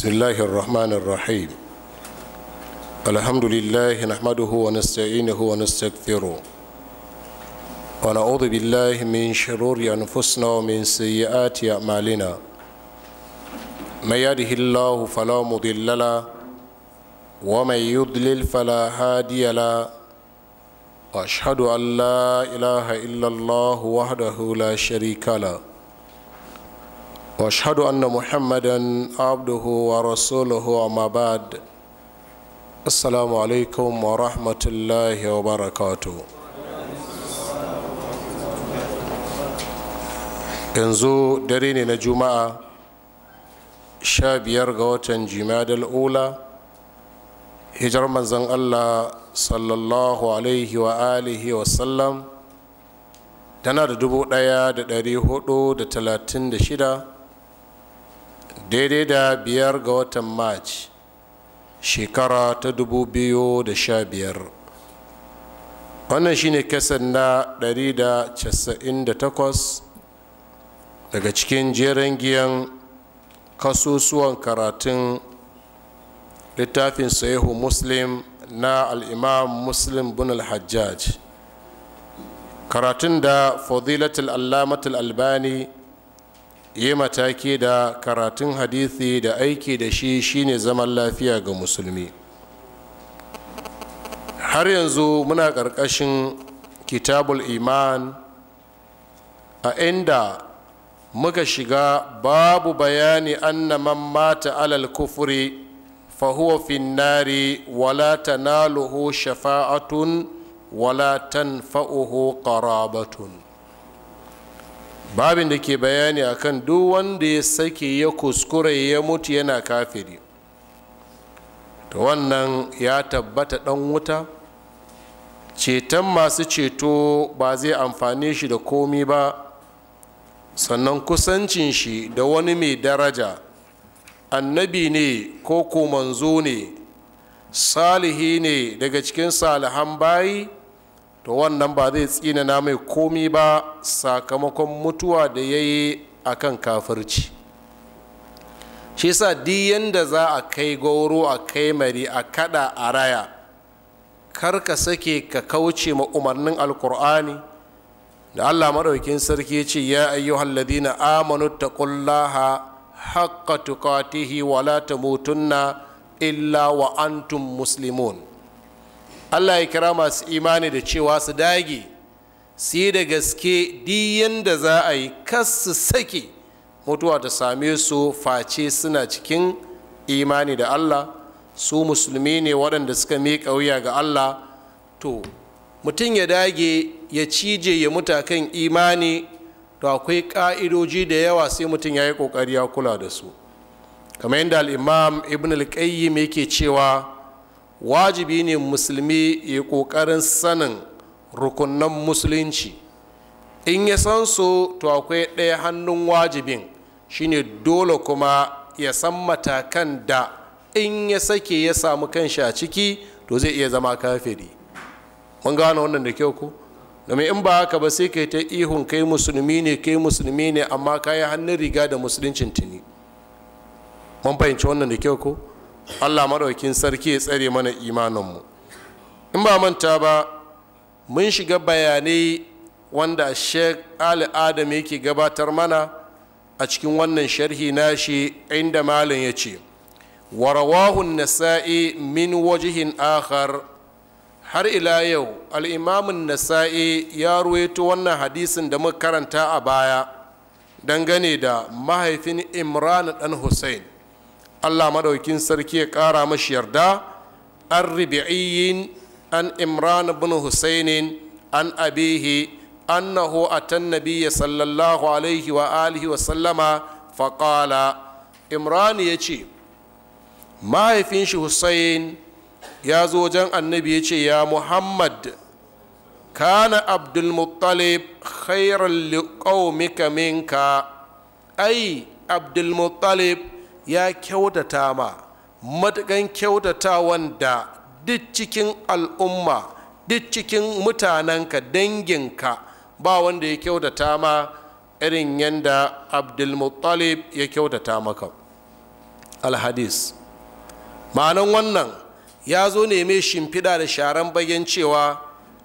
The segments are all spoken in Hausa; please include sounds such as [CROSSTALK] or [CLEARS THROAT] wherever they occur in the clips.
بسم الله الرحمن الرحيم الحمد لله نحمده ونستعينه ونستغفره ونعوذ بالله من شرور أنفسنا ومن سيئات أعمالنا من يهده الله فلا مضل له ومن يضلل فلا هادي له وأشهد أن لا إله إلا الله وحده لا شريك له واشهد ان محمدا عبده ورسوله اما بعد السلام عليكم ورحمه الله وبركاته yanzu dare ne na juma'a sha biyar ga watan jimadal ula hijar manzan allah sallallahu alaihi wa alihi wa sallam tana da dubu daya da dari hudu da talatin da shida daidai da biyar ga watan march shekara ta dubu biyu da sha biyar wannan shine kasan na ɗari da casa'in da takwas daga cikin jeren giyan kasusuwan karatun littafin sahihu muslim na al'imam muslim bin al-hajjaj karatun da fadilatul allamatul albani yi mataki da karatun hadithi da aiki da shi shine zaman lafiya ga musulmi har yanzu muna ƙarƙashin kitabul iman a inda muka shiga babu bayani anna man mata alal kufuri fahuwa finnari wala tanaluhu shafa'atun wala tanfa'uhu qarabatun babin da ke bayani akan duk wanda ya sake ya kuskure ya mutu yana kafiri ta wannan ya tabbata dan wuta ceton masu ceto ba zai amfane shi da komi ba sannan kusancin shi da wani mai daraja annabi ne ko ko manzo ne salihi ne daga cikin salihan bayi to wannan ba zai tsina na mai komi ba sakamakon mutuwa da ya yi a kan kafirci shi sa yadda za a kai gauro a kai mari a kada a raya kar ka sake ka kauce ma umarnin alkur'ani da allah maɗaukin sarki ce ya ayyuhal ladina amanu ta taqullaha haqqa tukatihi wa la illa wa antum muslimun allah ya kira masu imani da cewa su dage su yi da gaske diyan da za a yi kas su sake mutuwa ta same su face suna cikin imani da allah su musulmi ne waɗanda suka miƙa wuya ga allah to mutum ya dage ya cije ya mutu kan imani to akwai ƙa'idoji da yawa sai mutum ya yi ƙoƙari ya kula da su kamar yadda al'imam ibn al-qayyim yake cewa wajibi ne musulmi ya ƙoƙarin sanin rukunan musulunci in ya san su to akwai ɗaya hannun wajibin shine dole kuma ya san matakan da in ya sake ya samu kanshi a ciki to zai iya zama kafiri mun gane wannan da kyau ko domin in ba haka ba sai kai ta ihun kai musulmi ne kai musulmi ne amma ka yi hannun riga da musuluncin tuni mun fahimci wannan da kyau ko allah maɗaukin sarki ya tsare mana imaninmu in ba manta ba mun shiga bayanai wanda sheikh ali adam yake gabatar mana a cikin wannan sharhi nashi inda malin ya ce warawahun nasa'i min wajihin akhar har ila yau al'imamin nasa'i ya ruwaito wannan hadisin da muka karanta a baya dangane da mahaifin imran dan hussein allah maɗaukin sarki ya ƙara mashi yarda an ribi'iyyin an imran bin husainin an abihi annahu atan nabiyya sallallahu alaihi wa alihi wa sallama faƙala imran ya ce mahaifin shi husain ya zo wajen annabi ya ce ya muhammad kana abdulmuttalib khairan liƙaumika minka ai abdulmuttalib ya kyautata ma matukan kyautata wanda duk cikin al'umma duk cikin mutanenka danginka ba wanda ya kyautata ma irin yadda abdulmuttalib ya kyautata maka alhadis ma'anan wannan ya zo ne mai shimfiɗa da sharan bagen cewa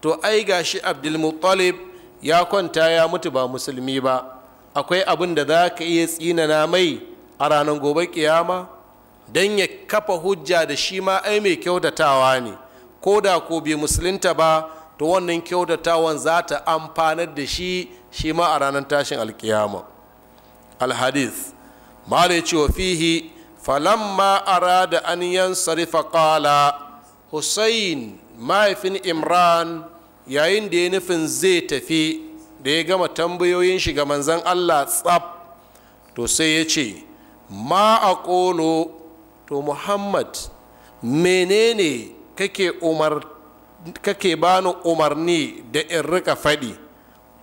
to ai gashi abdulmuttalib ya kwanta ya mutu ba musulmi ba akwai abin da za ka iya tsinana mai a ranar gobe kiyama don ya kafa hujja da shi ma ai mai kyautatawa ne ko da ko bi musulunta ba to wannan kyautatawan za ta amfanar da shi shi ma a ranar tashin alkiyama alhadis mala ce wa fihi falamma da an sarifa kala hussein mahaifin imran yayin da ya nufin zai tafi da ya gama tambayoyin shi ga manzan allah tsab to sai ya ce ma a ƙolo to muhammad menene kake umar bani umarni da in rika faɗi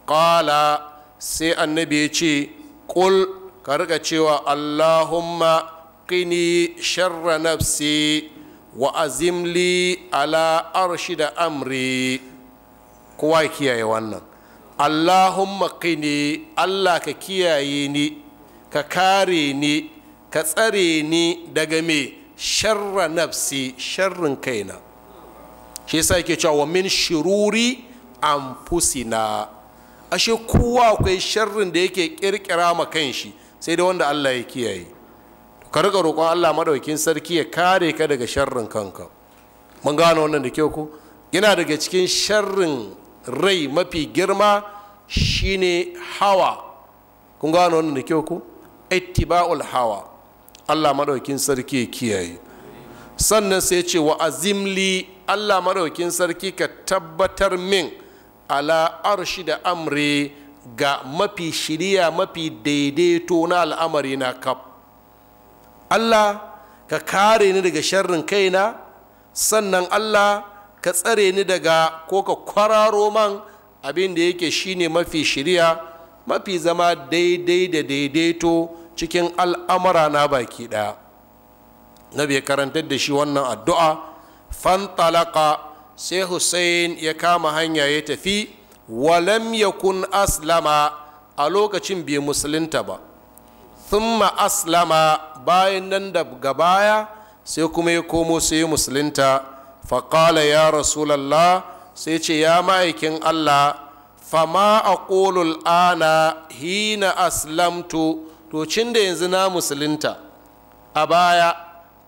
ƙala sai annabi ya ce ƙul ka rika cewa allahumma kini sharra nafsi wa azimli ala arshi da amri kowa kiyaye wannan allahumma kini allah ka kiyaye ni ka kare ni ka tsare ni daga me sharra nafsi sharrin kaina shi yasa yake cewa wa min shururi anfusina ashe kowa akwai sharrin da yake kirkira ma kanshi sai da wanda Allah ya kiyaye ka riga roƙon Allah madaukin sarki ya kare ka daga sharrin kanka mun gano wannan da kyau ko yana daga cikin sharrin rai mafi girma shine hawa kun gano wannan da kyau ko ittiba'ul hawa Allah madaukin sarki kiyaye sannan sai ce wa azimli Allah madaukin sarki ka tabbatar min ala arshi da amri ga mafi shiriya mafi daidaito na al'amari na kaf Allah ka kare ni daga sharrin kaina sannan Allah ka tsare ni daga ko ka kwararo man abin da yake shine mafi shiriya, mafi zama daidai da daidaito cikin al'amura na baki ɗaya na bai karantar da shi wannan addu'a fantalaka sai hussein ya kama hanya ya tafi walam ya kun aslama a lokacin bai musulunta ba thumma aslama bayan nan da gabaya sai kuma ya komo sai musulunta faƙala ya rasulallah sai ce ya ma'aikin allah fama a ana hina aslamtu to cin da yanzu na musulunta a baya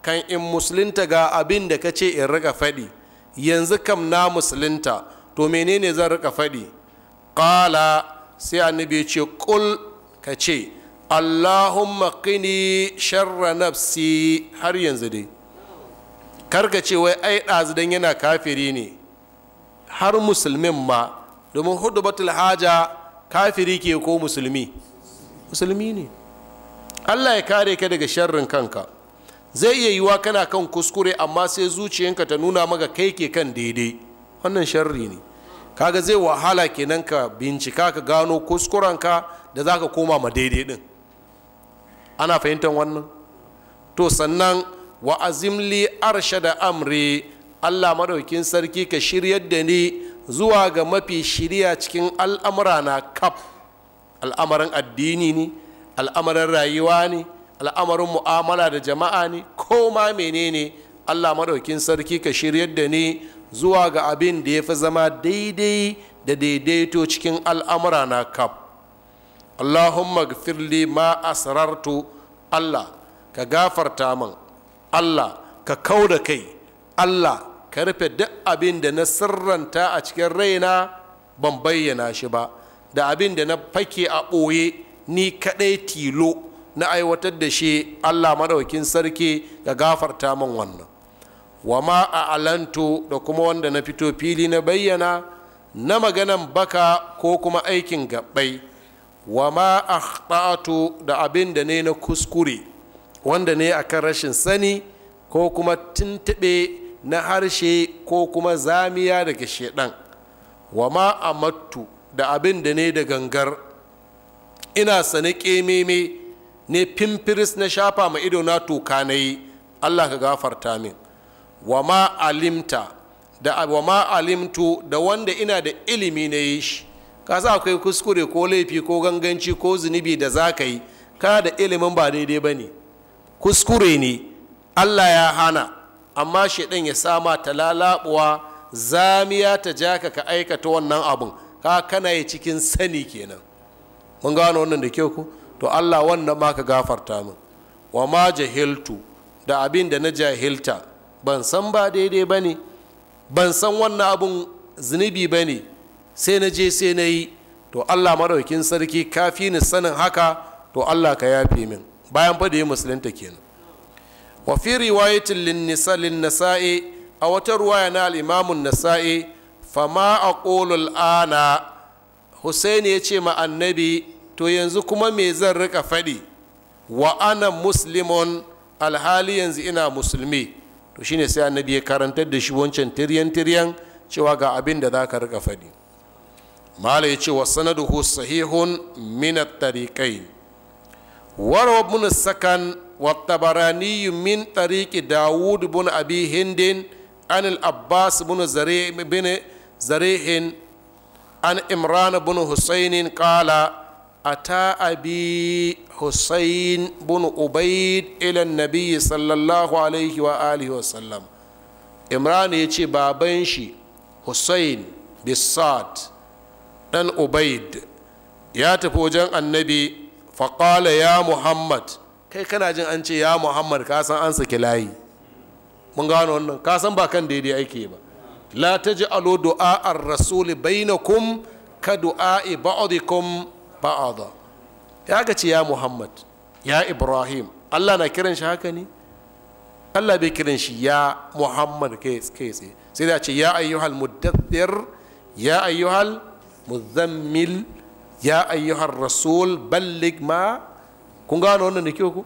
kan in musulunta ga abin da ka ce in rika faɗi yanzu kam na musulunta to menene zan rika faɗi ƙala sai annabi ce ƙul ka ce allahumma qini sharra nafsi har yanzu dai karka ce wai ai ɗazu don yana kafiri ne har musulmin ma domin hudu batul haja kafiri ke ko musulmi musulmi ne allah ya kare ka daga sharrin kanka zai iya yiwa kana kan kuskure amma sai zuciyanka ta nuna maka kai ke kan daidai wannan sharri ne kaga zai wahala kenan ka bincika ka gano kuskurenka da za ka koma ma daidai din ana fahimtar wannan to sannan wa azimli da amri allah maɗaukin sarki ka shiryar da ni zuwa ga mafi shirya cikin al'amura na kaf al'amarin addini ne al'amarin rayuwa ne al'amarin mu'amala da jama'a ne ko ma menene allah maɗaukin sarki ka shiryar da ni zuwa ga abin da ya fi zama daidai da daidaito cikin al'amura na kaf allahumma gfirli ma asrartu allah ka gafarta min allah ka kau kai allah ka rufe duk abin da na sirranta a cikin raina ban bayyana shi ba da abin da na fake a ɓoye ni kadai tilo na aiwatar da shi allah maɗaukin sarki ga gafarta min wannan wa ma a alanto da kuma wanda na fito fili na bayyana na maganan baka ko kuma aikin gabbai wa ma a da abin da ne na kuskure wanda ne akan rashin sani ko kuma tuntuɓe na harshe ko kuma zamiya daga shedan wa ma a da abin da ne da gangar ina sane ƙememe ne fimfiris na shafa ma ido na toka na yi allah ka gafarta min wa ma alimta da wa ma alimtu da wanda ina da ilimi na yi shi ka sa akwai kuskure ko laifi ko ganganci ko zunubi da za ka yi ka da ilimin ba daidai ba ne kuskure ne allah ya hana amma shaidan ya sama ta lalabuwa zamiya ta jaka ka aikata wannan abun ka kana yi cikin sani kenan mun gano wannan da kyau ku to allah wannan ma ka gafarta min wa ma jahiltu da abin da na jahilta ban san ba daidai ba ne ban san wannan abin zunubi ba ne sai na je sai na yi to allah maɗaukin sarki kafi ni sanin haka to allah ka yafe min bayan fa da yi musulunta kenan wa fi riwayatin lin nasa'i a wata ruwaya na al'imamun nasa'i fama a ƙolul ana husaini ya ce ma annabi to yanzu kuma me zan rika faɗi wa ana muslimon alhali yanzu ina musulmi to shine sai annabi ya karantar da shi wancan tiryan tiryan cewa ga abin da za ka rika faɗi mala ya ce wa sanaduhu sahihun min at-tariqain bin ibn sakan wa tabarani min tariqi daud ibn abi hindin an al-abbas ibn zari' bin zarihin an imran ibn husainin qala ata abi hussein bin ubaid ilan nabi sallallahu alaihi wa alihi wa sallam imran ya ce baban shi hussein bisad ɗan ubaid ya tafi wajen annabi faƙala ya muhammad kai kana jin an ce ya muhammad ka san an saki layi mun gano wannan ka san ba kan daidai ake ba la ta ji alo du'a ar rasuli bainakum ka du'a ba'dikum ba'ada ya ga ce ya muhammad ya ibrahim allah na kiran shi haka ne allah bai kiran shi ya muhammad kai tsaye sai da ce ya ayyuhal muddathir ya ayyuhal muzammil ya ayyuhal rasul ballig ma kun gano wannan da kyau ku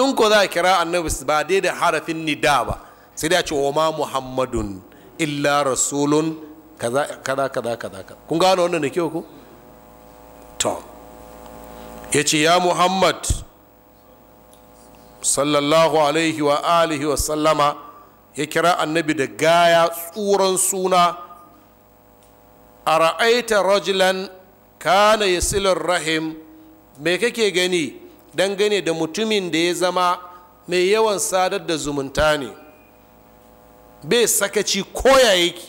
in ko za a kira annabi ba da harafin nida ba sai da ce wa ma muhammadun illa rasulun kaza kaza kaza kaza kun gano wannan da kyau ku to ya ce ya muhammad sallallahu alaihi wa alihi wa sallama ya kira annabi da gaya tsuran suna a ra'aita rajulan kana ya silin rahim me kake gani dangane da mutumin da ya zama mai yawan sadar da zumunta ne bai sakaci koya yake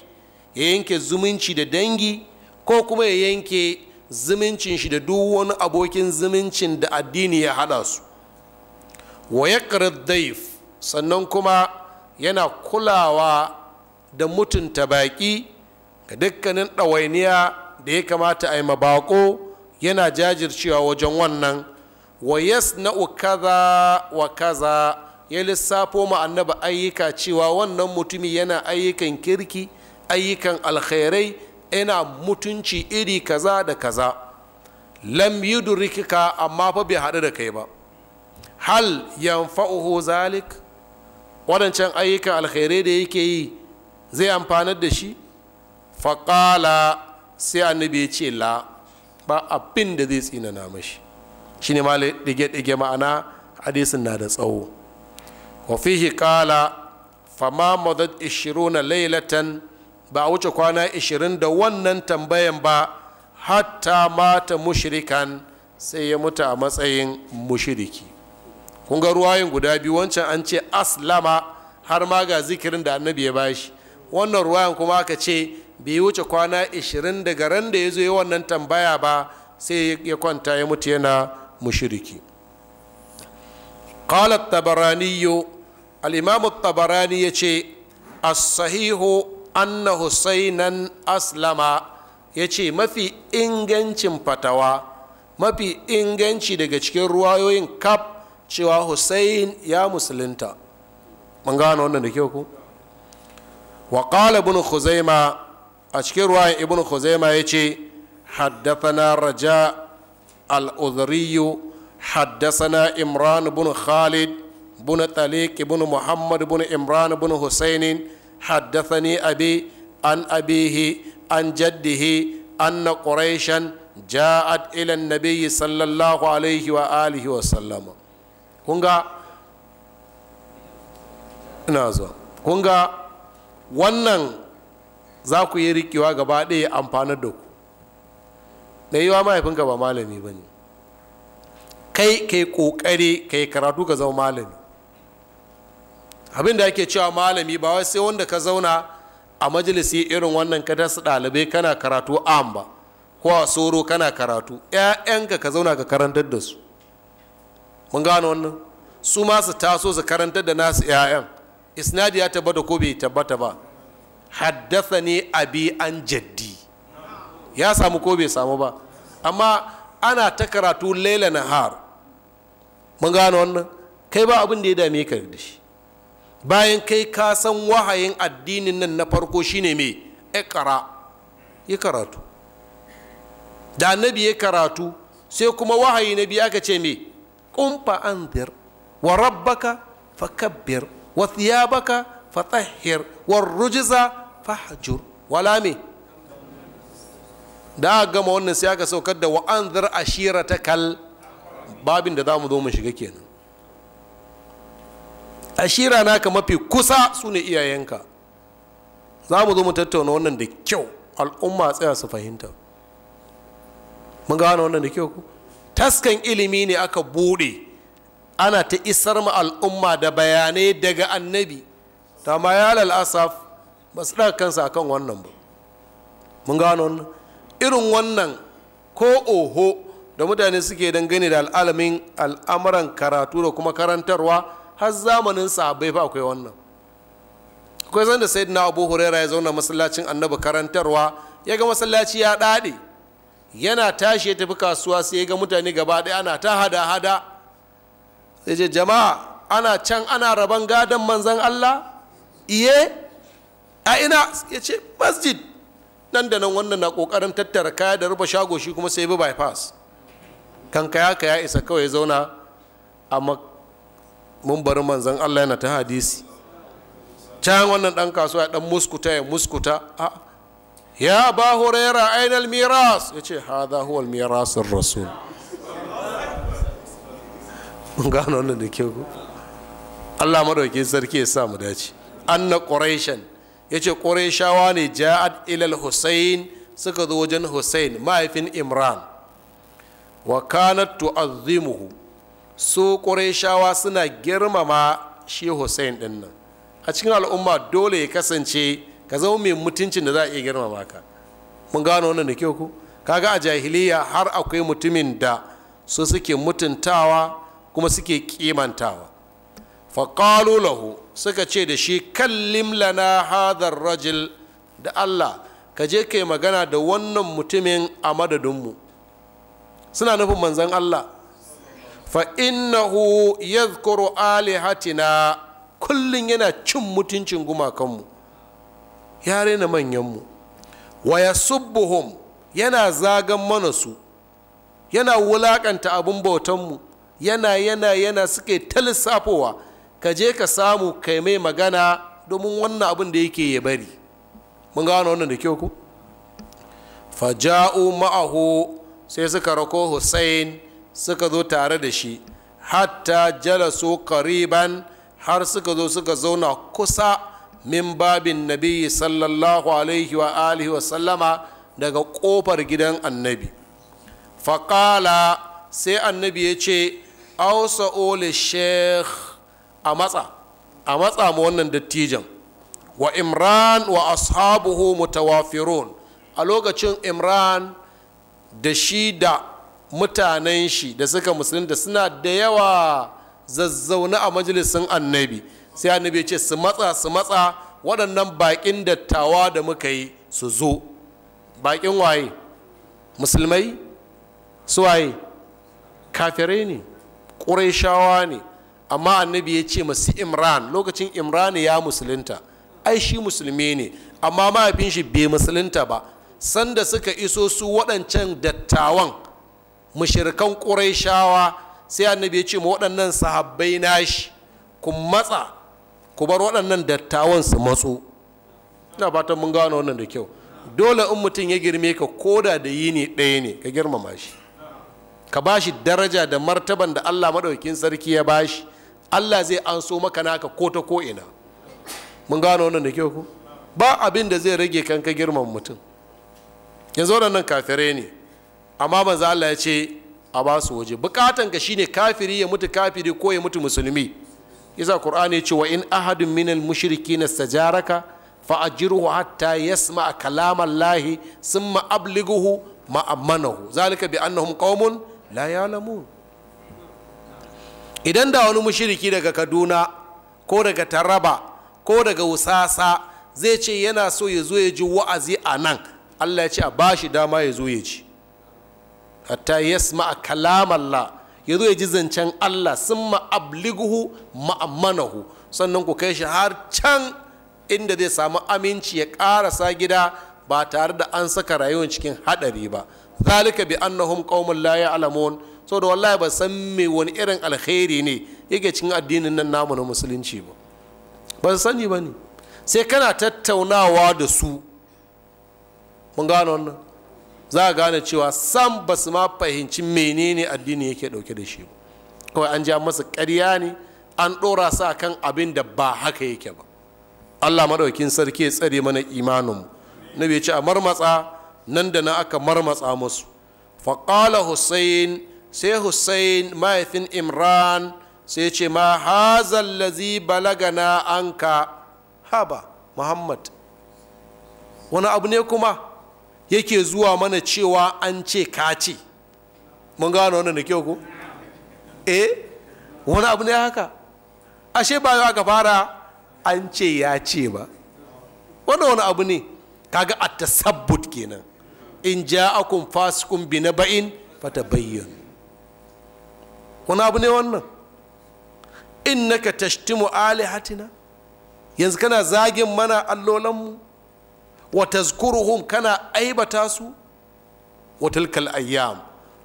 ya yanke zumunci da dangi ko kuma ya yanke zumuncin shi da duk wani abokin zumuncin da addini ya hada su wa ya daif sannan kuma yana kulawa da mutunta baƙi ga dukkanin ɗawainiya da ya kamata a yi mabaƙo yana jajircewa wajen wannan wa yasna'u kaza wa kaza ya lissafo ma annabi ayyuka cewa wannan mutumi yana ayyukan kirki ayyukan alkhairai ina mutunci iri kaza da kaza lam yudrikka amma fa bai haɗu da kai ba hal yanfa'uhu zalik waɗancan ayyukan alkhairai da yake yi zai amfanar da shi faƙala sai annabi ya ce la ba abin da zai tsinana mashi shi ne ma ɗige-ɗige ma'ana hadisin na da tsawo wa fihi ƙala fama madad na lailatan ba a wuce kwana 20 da wannan tambayan ba hatta mata mushrikan sai ya mutu a matsayin mushiriki. kun ga ruwayin guda biyu wancan an ce aslama har ma ga zikirin da annabi ya bashi wannan ruwayan kuma aka ce bai wuce kwana 20 da ran da ya zo yi wannan tambaya ba sai ya kwanta ya mutu yana mushriki al-imam at-tabarani yace as-sahihu anna husainan aslama ya ce mafi ingancin fatawa mafi inganci daga cikin ruwayoyin kaf cewa husain ya musulunta mun gano wannan da kyau ku wa qala ibn khuzaima a cikin ruwayan ibn khuzaima ya ce haddathana raja al-udhri haddathana imran ibn khalid ibn taliq ibn muhammad ibn imran ibn husainin حدثني أبي عن أبيه عن جده أن قريشا جاءت إلى النبي صلى الله عليه وآله وسلم كونغا نازو كونغا wannan za ku yi rikewa gaba ɗaya amfanar da ku da wa mahaifinka ba malami ba ne kai kai ƙoƙari kai karatu ka zama malami abin da ake cewa malami ba wai sai wanda ka zauna a majalisi irin wannan ka dasu ɗalibai kana karatu am ba ko a soro kana karatu 'ya'yanka ka zauna ka karantar da su mun gano wannan su ma su taso su karantar da nasu 'ya'yan isnadi ya tabbata ko bai tabbata ba haddasa ne abi an jaddi ya samu ko bai samu ba amma ana ta karatu laila nahar mun gano wannan kai ba abin da ya dame ka da shi bayan kai ka san wahayin addinin nan na farko shine me ikra ya karatu da annabi ya karatu sai kuma wahayi na biyu aka ce mai kumfa anzir wa rabbaka fakabbir wa thiyabaka fatahhir wa rujiza fahjur wala me da aka gama wannan sai aka saukar da wa anzir ashirata kal babin da zamu zo mu shiga kenan ashira naka mafi kusa su ne iyayenka za mu zo mu tattauna wannan da kyau al'umma tsaya su fahimta mun wani wannan da kyau taskan ilimi ne aka buɗe ana ta isar ma al'umma da bayanai daga annabi ta ma ya lalasaf ba su ɗaga kansa akan wannan ba mun gano wannan irin wannan ko oho da mutane suke dangane da al'alamin al'amuran karatu da kuma karantarwa har zamanin sahabbai ba akwai wannan akwai zan da na abu huraira ya zauna masallacin annabi karantarwa ya ga masallaci ya dade yana tashi ya tafi kasuwa sai ya ga mutane gaba ɗaya ana ta hada hada sai ce jama'a ana can ana raban gadon manzan Allah iye a ina ya ce masjid nan da nan wannan na kokarin tattara kaya da rufe shago shi kuma sai bi bypass kan kaya isa kawai zauna a mun bari manzan Allah yana ta hadisi can wannan dan kasuwa dan muskuta ya muskuta a ya ba huraira ainal miras ya ce hadha huwa miras rasul mun gano wannan da ke ku Allah madaukakin sarki ya sa mu dace anna quraishan yace quraishawa ne ja'at ilal husayn suka zo wajen husayn mahaifin imran wa kanat tu'azzimuhu su ƙurayshawa suna girmama shi hussein ɗin nan a cikin al'umma dole ya kasance ka zama mai mutuncin da za a iya girmama ka mun gano wannan da kyau ku kaga a jahiliya har akwai mutumin da su suke mutuntawa kuma suke kimantawa faƙalu lahu suka ce da shi kallim lana hadar rajil da allah ka je ka yi magana da wannan mutumin a madadinmu suna nufin manzan allah fa innahu yadhkuru alihatina kullun yana cin mutuncin gumakanmu ya rena manyanmu wa yasubbuhum yana zagan mana su yana wulakanta abin bautanmu yana yana yana suke ta lissafowa ka je ka samu kai mai magana domin wannan abun da yake ya bari mun gano wannan da kyau ku faja'u ma'ahu sai suka rako hussain suka zo tare da shi hatta jalasu kariban har suka zo suka zauna kusa min babin nabi sallallahu alaihi wa alihi wa sallama daga kofar gidan annabi faƙala sai annabi ya ce ausa ole sheikh a matsa a matsa ma wannan dattijan wa imran wa ashabuhu mutawafirun a lokacin imran da shi da mutanen shi da suka musulunta suna da yawa zazzauna a majalisin annabi sai annabi ya ce su matsa su matsa waɗannan baƙin dattawa da muka yi su zo baƙin waye musulmai su waye kafirai ne shawa ne amma annabi ya ce masu imran lokacin imran ya musulunta ai shi musulmi ne amma mahaifin shi bai musulunta ba sanda suka iso su waɗancan dattawan mushirkan ƙuraishawa sai annabi ya ce ma waɗannan sahabbai nashi ku matsa ku bar waɗannan dattawan su matsu. ina fatan mun gano wannan da kyau dole in mutum ya girme ka koda da yini ɗaya ne ka girmama shi ka ba daraja da martaban da allah maɗaukin sarki ya bashi. shi allah zai an so maka naka ko ta ko ina mun gano wannan da kyau ku ba abin da zai rage kan ka girman mutum yanzu waɗannan kafirai ne amma manzo Allah ya ce a ba su waje bukatan ka shine kafiri ya mutu kafiri ko ya mutu musulmi yasa qur'ani ya ce wa in ahadun minal mushrikin stajaraka fa ajiruhu hatta yasma kalam Allah thumma ablighuhu ma'amanahu zalika bi annahum qaumun la ya'lamun idan da wani mushriki daga Kaduna ko daga Taraba ko daga Wusasa zai ce yana so ya zo ya ji wa'azi a nan Allah ya ce a bashi dama ya zo ya ji hatta yasma kalam Allah ya zo ya ji zancen Allah sun ma'abliguhu ma'amanahu sannan ku kai shi har can inda zai samu aminci ya sa gida ba tare da an saka rayuwar cikin haɗari ba zalika bi annahum qaumun la ya'lamun saboda wallahi ba san me wani irin alkhairi ne yake cikin addinin nan namu na musulunci ba ba sani ba ne sai kana tattaunawa da su mun gano wannan za a gane cewa sam ba su ma fahimci menene addini yake dauke da shi ba kawai an ja masa karya ne an ɗora sa kan abin da ba haka yake ba allah maɗaukin sarki ya tsare mana imaninmu na bai ce a marmatsa nan da na aka marmatsa musu faƙala hussein sai hussein mahaifin imran sai ce ma hazan lazi balagana anka haba muhammad wani abu ne kuma yake zuwa mana cewa an ce ka ce mun gano wannan da kyau ko eh wani abu ne haka ashe ba za ka fara an ce ya ce ba wannan wani abu ne kaga a sabbut kenan in ja'akum fasikun bi na ba'in fata bayyan wani abu ne wannan in innaka tashtimu alihatina yanzu kana zagin mana allolanmu wa tazkuruhum kana aibata su wa tilkal ayyam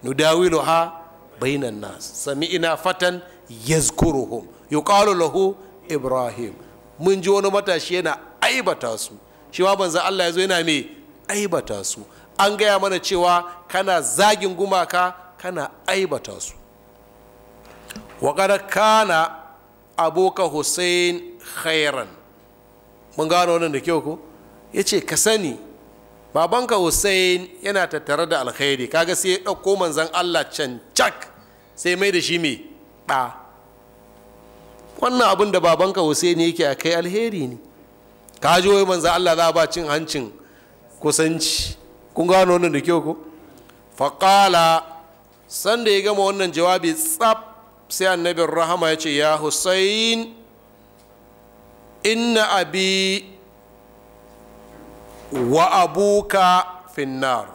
nudawiluha bainan nas sami'ina fatan yazkuruhum yuqalu lahu ibrahim mun ji wani matashi yana aibata su shi ma banza Allah ya zo yana mai aibata su an gaya mana cewa kana zagin gumaka kana aibata su waƙar kana aboka Hussaini khairan mun gano wannan da kyau ko ya ce ka sani babanka hussein yana tattare da alkhairi kaga sai ya ɗauko manzan allah can cak sai mai da shi mai ɗa wannan abin da babanka hussein yake a kai alheri ne ka ji wai manzan allah za ba cin hancin kusanci kun gano wannan da kyau ko faƙala sanda ya gama wannan jawabi tsab sai annabin rahama ya ce ya hussein inna abi wa abuka finnar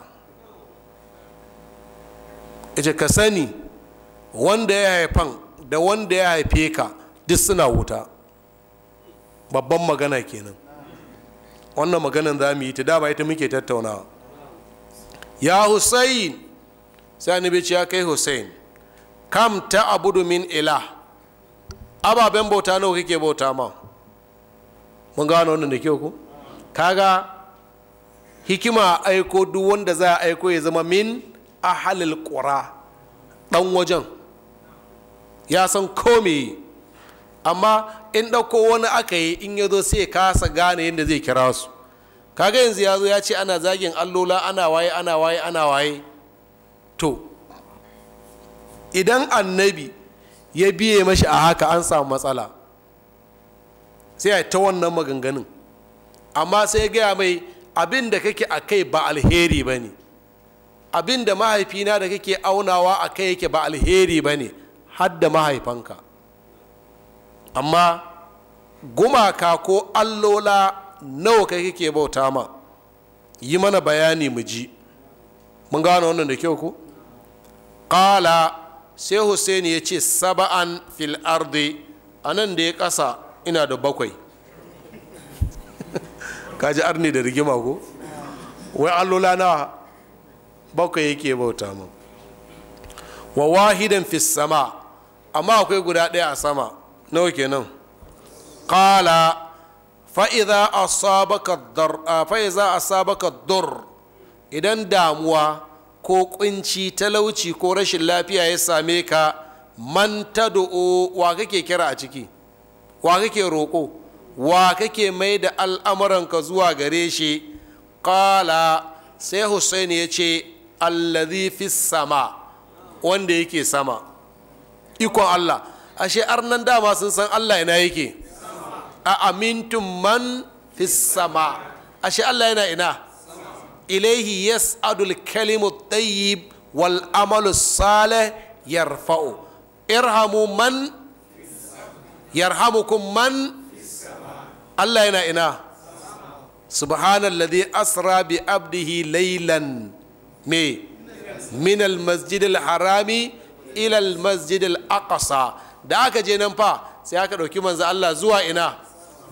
ita ka sani wanda ya haifan da wanda ya haife ka duk suna wuta babban magana kenan wannan maganan za mu yi ta dama ita muke tattaunawa ya hussein sai ni ce ya kai hussein kam ta abudu min ilah ababen bauta nawa kake bauta ma mun gano wannan da kyau ku kaga hikima a aiko duk wanda za a aiko ya zama min a halil ƙura ɗan wajen ya san kome amma in ɗauko wani aka yi in ya zo sai ya kasa gane yadda zai kira su kaga yanzu ya zo ya ce ana zagin allola ana waye ana waye ana waye to idan annabi ya biye mashi a haka an samu matsala sai a ta wannan maganganun amma sai ya gaya mai abin da kake a kai ba alheri ba ne abin da mahaifina da kake aunawa a kai yake ba alheri ba ne har da mahaifanka amma gumaka ko allola nawa kai kake bauta ma yi mana bayani mu ji mun gano wannan da kyau ko ƙala sai Hussaini ya ce saba'an fil ardi a nan da ya ƙasa ina da bakwai kaji arni da rigima ko wai allola na bakwai yake bauta mu wa wahidan fi sama amma akwai guda ɗaya a sama nawa kenan qala fa idza asabaka dar fa idza asabaka dur idan damuwa ko kunci talauci ko rashin lafiya ya same ka man tad'u wa kake kira a ciki wa kake roƙo wa kake mai da al'amuranka zuwa gare shi ƙala sai Husaini ya ce allazi fi sama wanda yake sama ikon allah ashe arnan dama sun san allah yana yake a amintun man fi sama ashe allah yana ina ilaihi yas adul kalimu tayyib wal amalu salih yarfa'u irhamu man yarhamukum man allah yana ina subhanalladhi asra bi abdihi laylan me min almasjid alharami ila almasjid alaqsa da aka je nan fa sai aka ɗauki manzo allah zuwa ina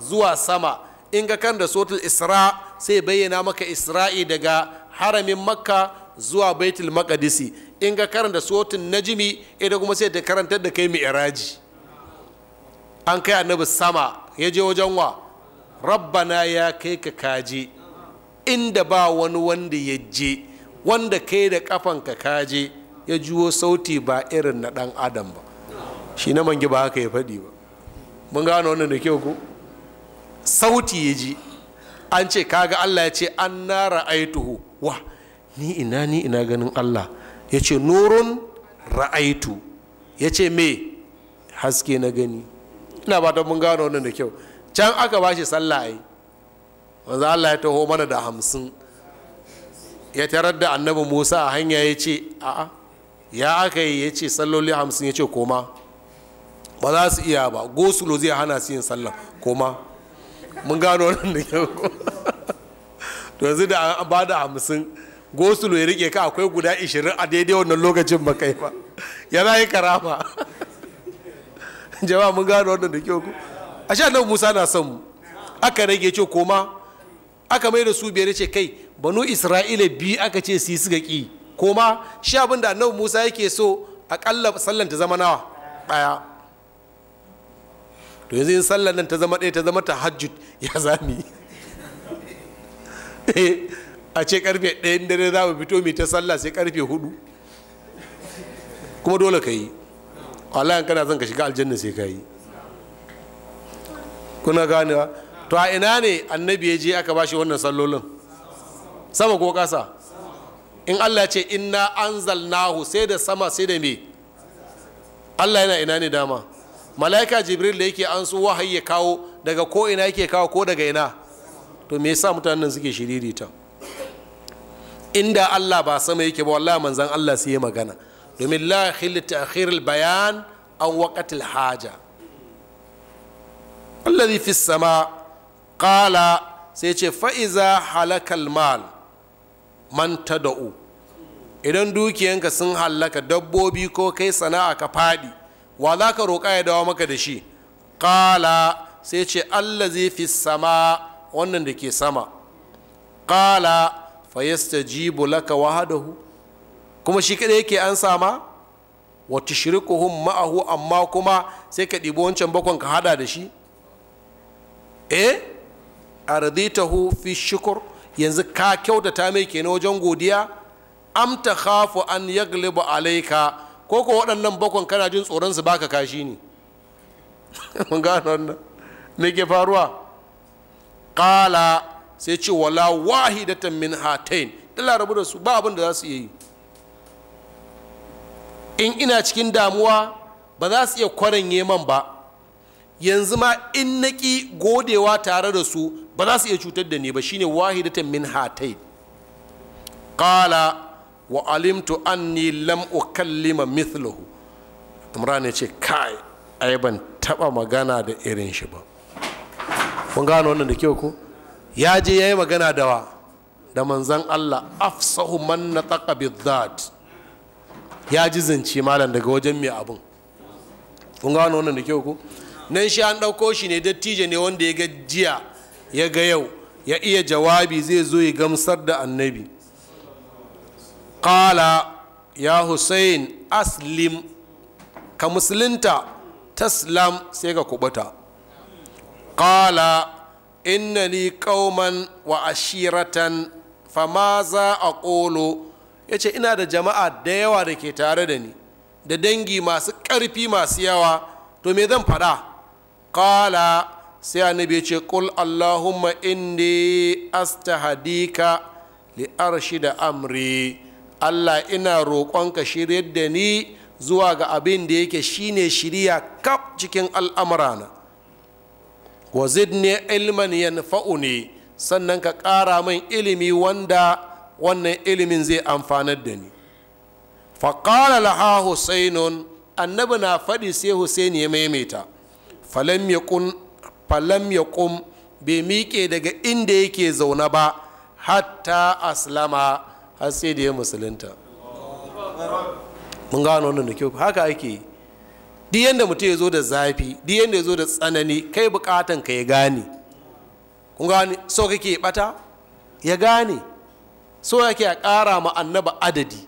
zuwa sama in ga kan da sotul isra sai bayyana maka isra'i daga haramin makka zuwa baitul makadisi in ga karanta sotun najimi ida kuma sai ta karantar da kai mi'raji an kai annabi sama ya je wajen wa rabbana ya kai ka kaje inda ba wani wanda ya je wanda kai da kafanka kaje ya juwo sauti ba irin na dan adam ba shi na mangi ba haka ya faɗi ba mun gano wannan da kyau ko sauti ya ji an ce kaga allah ya ce an na ra'aituhu wa ni ina ni ina ganin allah ya ce nurun ra'aitu ya ce me haske na gani ina ba ta mun gano wannan da kyau can aka ba shi sallah ai wanzu allah ya taho mana da hamsin ya tarar da annabi musa a hanya ya ce a'a ya aka yi ya ce salloli hamsin ya ce koma ba za su iya ba gosulo zai hana su yin sallah koma mun gano nan da kyau [LAUGHS] to yanzu da an ba da hamsin gosulo ya rike ka akwai guda ishirin a daidai wannan lokacin ba kai ba yana yi karama [LAUGHS] jama'a mun gano wannan da kyau a sha annabi musa na son mu aka rage ce koma aka mai da su biyar ce kai banu isra'ila biyu aka ce su yi suka ki koma shi abin da annabi musa yake so a kalla sallan ta zama nawa ɗaya to yanzu in sallan nan ta zama ɗaya ta zama tahajjud ya zami eh, a ce karfe inda dare za mu fito mai ta sallah sai karfe hudu kuma dole ka yi wallahi kana zan ka shiga aljanna sai ka yi kuna ganewa to a ina ne annabi ya je aka bashi wannan sallolin sama ko kasa in allah ce inna anzalnahu sai da sama sai da me allah yana ina ne dama malaika jibril da yake an su wahayi ya kawo daga ko ina yake kawo ko daga ina to me yasa mutanen suke shiriri ta inda allah ba sama yake ba wallahi manzan allah sai ya magana domin la khilta al bayan an waqatil haja alladhi fi sama qala sai ce fa'iza halakal mal man tad'u idan dukiyanka sun hallaka dabbobi ko kai sana'a ka fadi wa za ka roƙa ya dawo maka da shi qala sai ce allazi fi sama wannan da ke sama qala fa yastajibu laka wahadahu kuma shi kaɗai yake an sama wa tushrikuhum ma'ahu amma kuma sai ka ɗibi wancan bakon ka haɗa da shi eh arditahu fi shukur yanzu ka kyautata mai kenan wajen godiya am ta khafu an yagliba alaika ko ko waɗannan bakon kana jin tsoron su baka kashi ne [LAUGHS] mun gano wannan me ke faruwa qala sai ce wala wahidatan min hatain dala rabu da su ba abin da za su yi in ina cikin damuwa ba za su iya kwaranye man ba yanzu ma in naki godewa tare da su ba za su iya cutar da ni ba shine wahidatan min hatai qala wa alimtu anni lam ukallima mithluhu imran ya ce kai ai ban taba magana da irin shi ba kun gano wannan da kyau ko ya je yayi magana da wa da manzan Allah afsahu man nataqa bizzat ya ji zance malam daga wajen mai abun kun gano wannan da kyau ko nan shi an ɗauko shi ne dattijo ne wanda ya ga jiya ya ga yau ya iya jawabi zai zo ya gamsar da annabi ƙala ya hussein aslim ka ta taslam sai ka kubuta ƙala ni kauman wa ashiratan fama za a ƙolo ya ce ina da jama'a da yawa da ke tare da ni da dangi masu ƙarfi masu yawa to me zan faɗa qala sai annabi ya ce qul allahumma inni astahdika li da amri allah ina roƙonka shiryar da ni zuwa ga abin da yake shine shirya kaf cikin al'amurana wa zidni ilman ne sannan ka ƙara min ilimi wanda wannan ilimin zai amfanar da ni faƙala ha husainun annabi na faɗi sai husaini ya maimaita falam ya kum bai miƙe daga inda yake zaune ba hatta aslama har sai da ya musulunta mun gano wannan da kyau haka ake yi duk yadda mutum ya zo da zafi duk yadda ya zo da tsanani kai bukatan ka ya gane kun gane so kake bata ya gane so yake a ƙara ma annaba adadi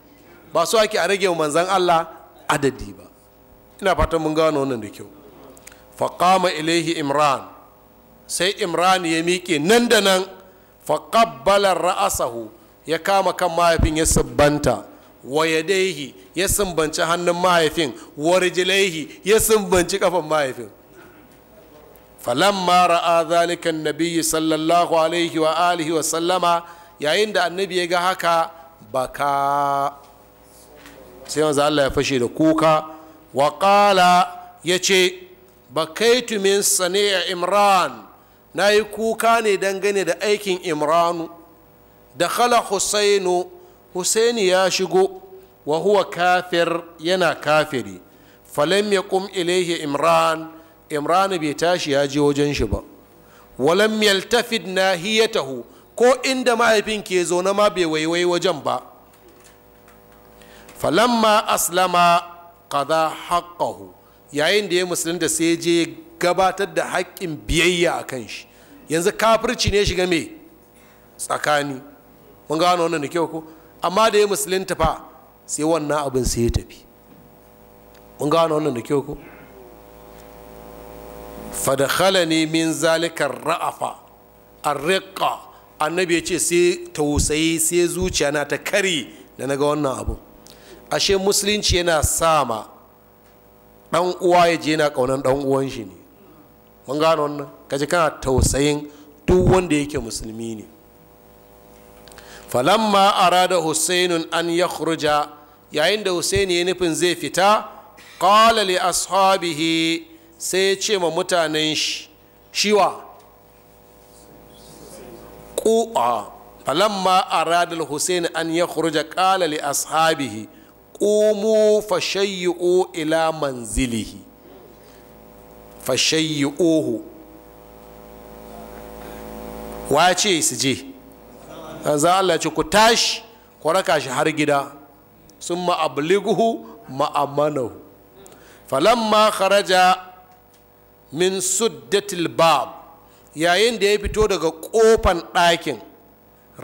ba so yake a rage manzan Allah adadi ba ina fatan mun gano wannan da kyau faƙama ilaihi imran sai imran ya miƙe nan da nan faƙabbalar ra'asahu ya kama kan mahaifin ya subbanta wa ya sumbanci hannun mahaifin warjilaihi ya sumbanci kafan mahaifin falamma ra'a zalika nabiyyi sallallahu alaihi wa alihi wa sallama yayin da annabi ya ga haka baka sai wanzu Allah ya fashe da kuka wa ya ce bakaitu min sani'a imran na yi kuka ne dangane da aikin imranu da khala husainu husaini ya shigo wa huwa kafir yana kafiri falam ya kum ilaihi imran Imranu bai tashi ya je wajen shi ba walam yaltafid nahiyatahu ko inda mahaifin ke zo na ma bai waiwai wajen ba falamma aslama qada haqqahu yayin da ya da sai je gabatar da haƙƙin biyayya a kan shi yanzu kafirci ne shiga mai tsakani mun gano wannan da kyau ko amma da ya musulun fa sai wannan abin sai ya tafi mun gano wannan da kyau ko ne min zalikar ra'afa arriqa annabi ya ce sai tausayi sai zuciya na ta kari da na ga wannan abu ashe musulunci yana sama dan uwa ya je na kaunan dan uwan shi ne mun gano wannan kaje kana tausayin duk wanda yake musulmi ne falamma arada husainun an yakhruja yayin da husaini ya nufin zai fita qala li ashabihi sai ya ce ma mutanen shi shiwa ku a falamma arada husain an yakhruja qala li ashabihi qumu fashayyu'u ila manzilihi wa wace su je za Allah ce ku tashi ku raka shi har gida sun ma'abliguhu ma'amanahu falamma kharaja min suddatil bab yayin da ya fito daga kofan ɗakin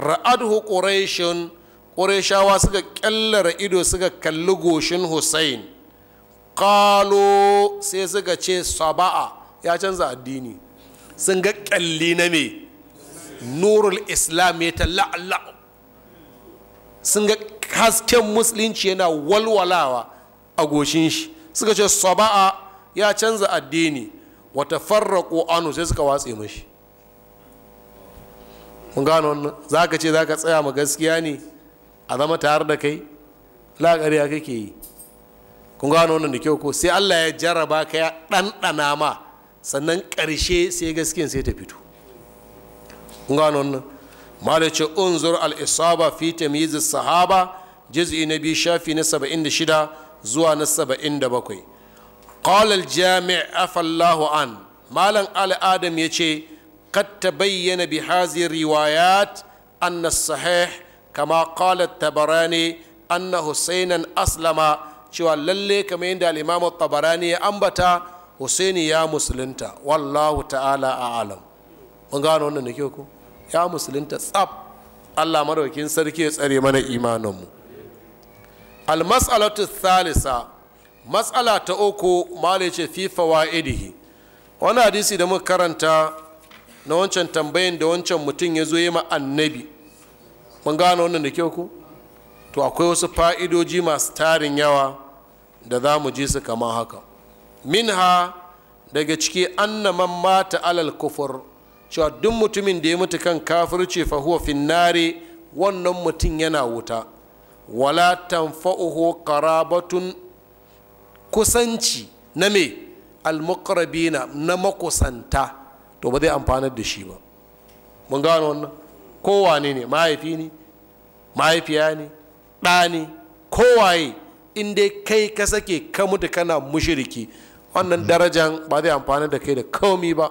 ra'adhu quraishun ƙureshawa suka ƙyallara ido suka kalli goshin hussain ƙalo sai suka ce saba'a ya canza addini sun ga ƙyalli na me nurul islam ya talla sun ga hasken musulunci yana walwalawa a goshin shi suka ce saba'a ya canza addini wata farraƙo anu sai suka watse mashi mun gano za ka ce za ka tsaya ma gaskiya ne a zama tare da kai la'akariya kake yi kun gano wannan da kyau ko sai allah ya jarraba ka ya ɗanɗana ma sannan ƙarshe sai gaskiyan sai ta fito kun gano wannan malai ce unzur al-isaba fi sahaba juz'i na biyu shafi na shida zuwa na 77 qala al-jami' afallahu an malam al-adam yace قد تبين riwayat الروايات أن الصحيح kama qala tabarani anna husainan aslama cewa lalle kamar yadda al-imam tabarani ya ambata husaini ya musulunta wallahu ta'ala a mun gano wannan da kyau ko ya musulunta tsaf Allah madaukin sarki ya tsare mana imaninmu al-mas'alatu Salisa matsala ta uku malai ce fi fawaidihi wani hadisi da muka karanta na wancan tambayin da wancan mutum ya zo yi ma annabi mun gano wannan da kyau ku to akwai wasu fa'idoji masu tarin yawa da za mu ji su kamar haka minha daga ciki annaman mata alal kufur cewa duk mutumin da ya mutu kan kafirce fa huwa finnare wannan mutum yana wuta wala tanfa'uhu qarabatun kusanci na me almuqrabina na makusanta to ba zai amfanar da shi ba mun gano wannan kowane ne mahaifi ne mahaifiya ne ɗa ne kowaye in dai kai ka sake ka mutu kana mushiriki wannan darajan ba zai amfani da kai da komi ba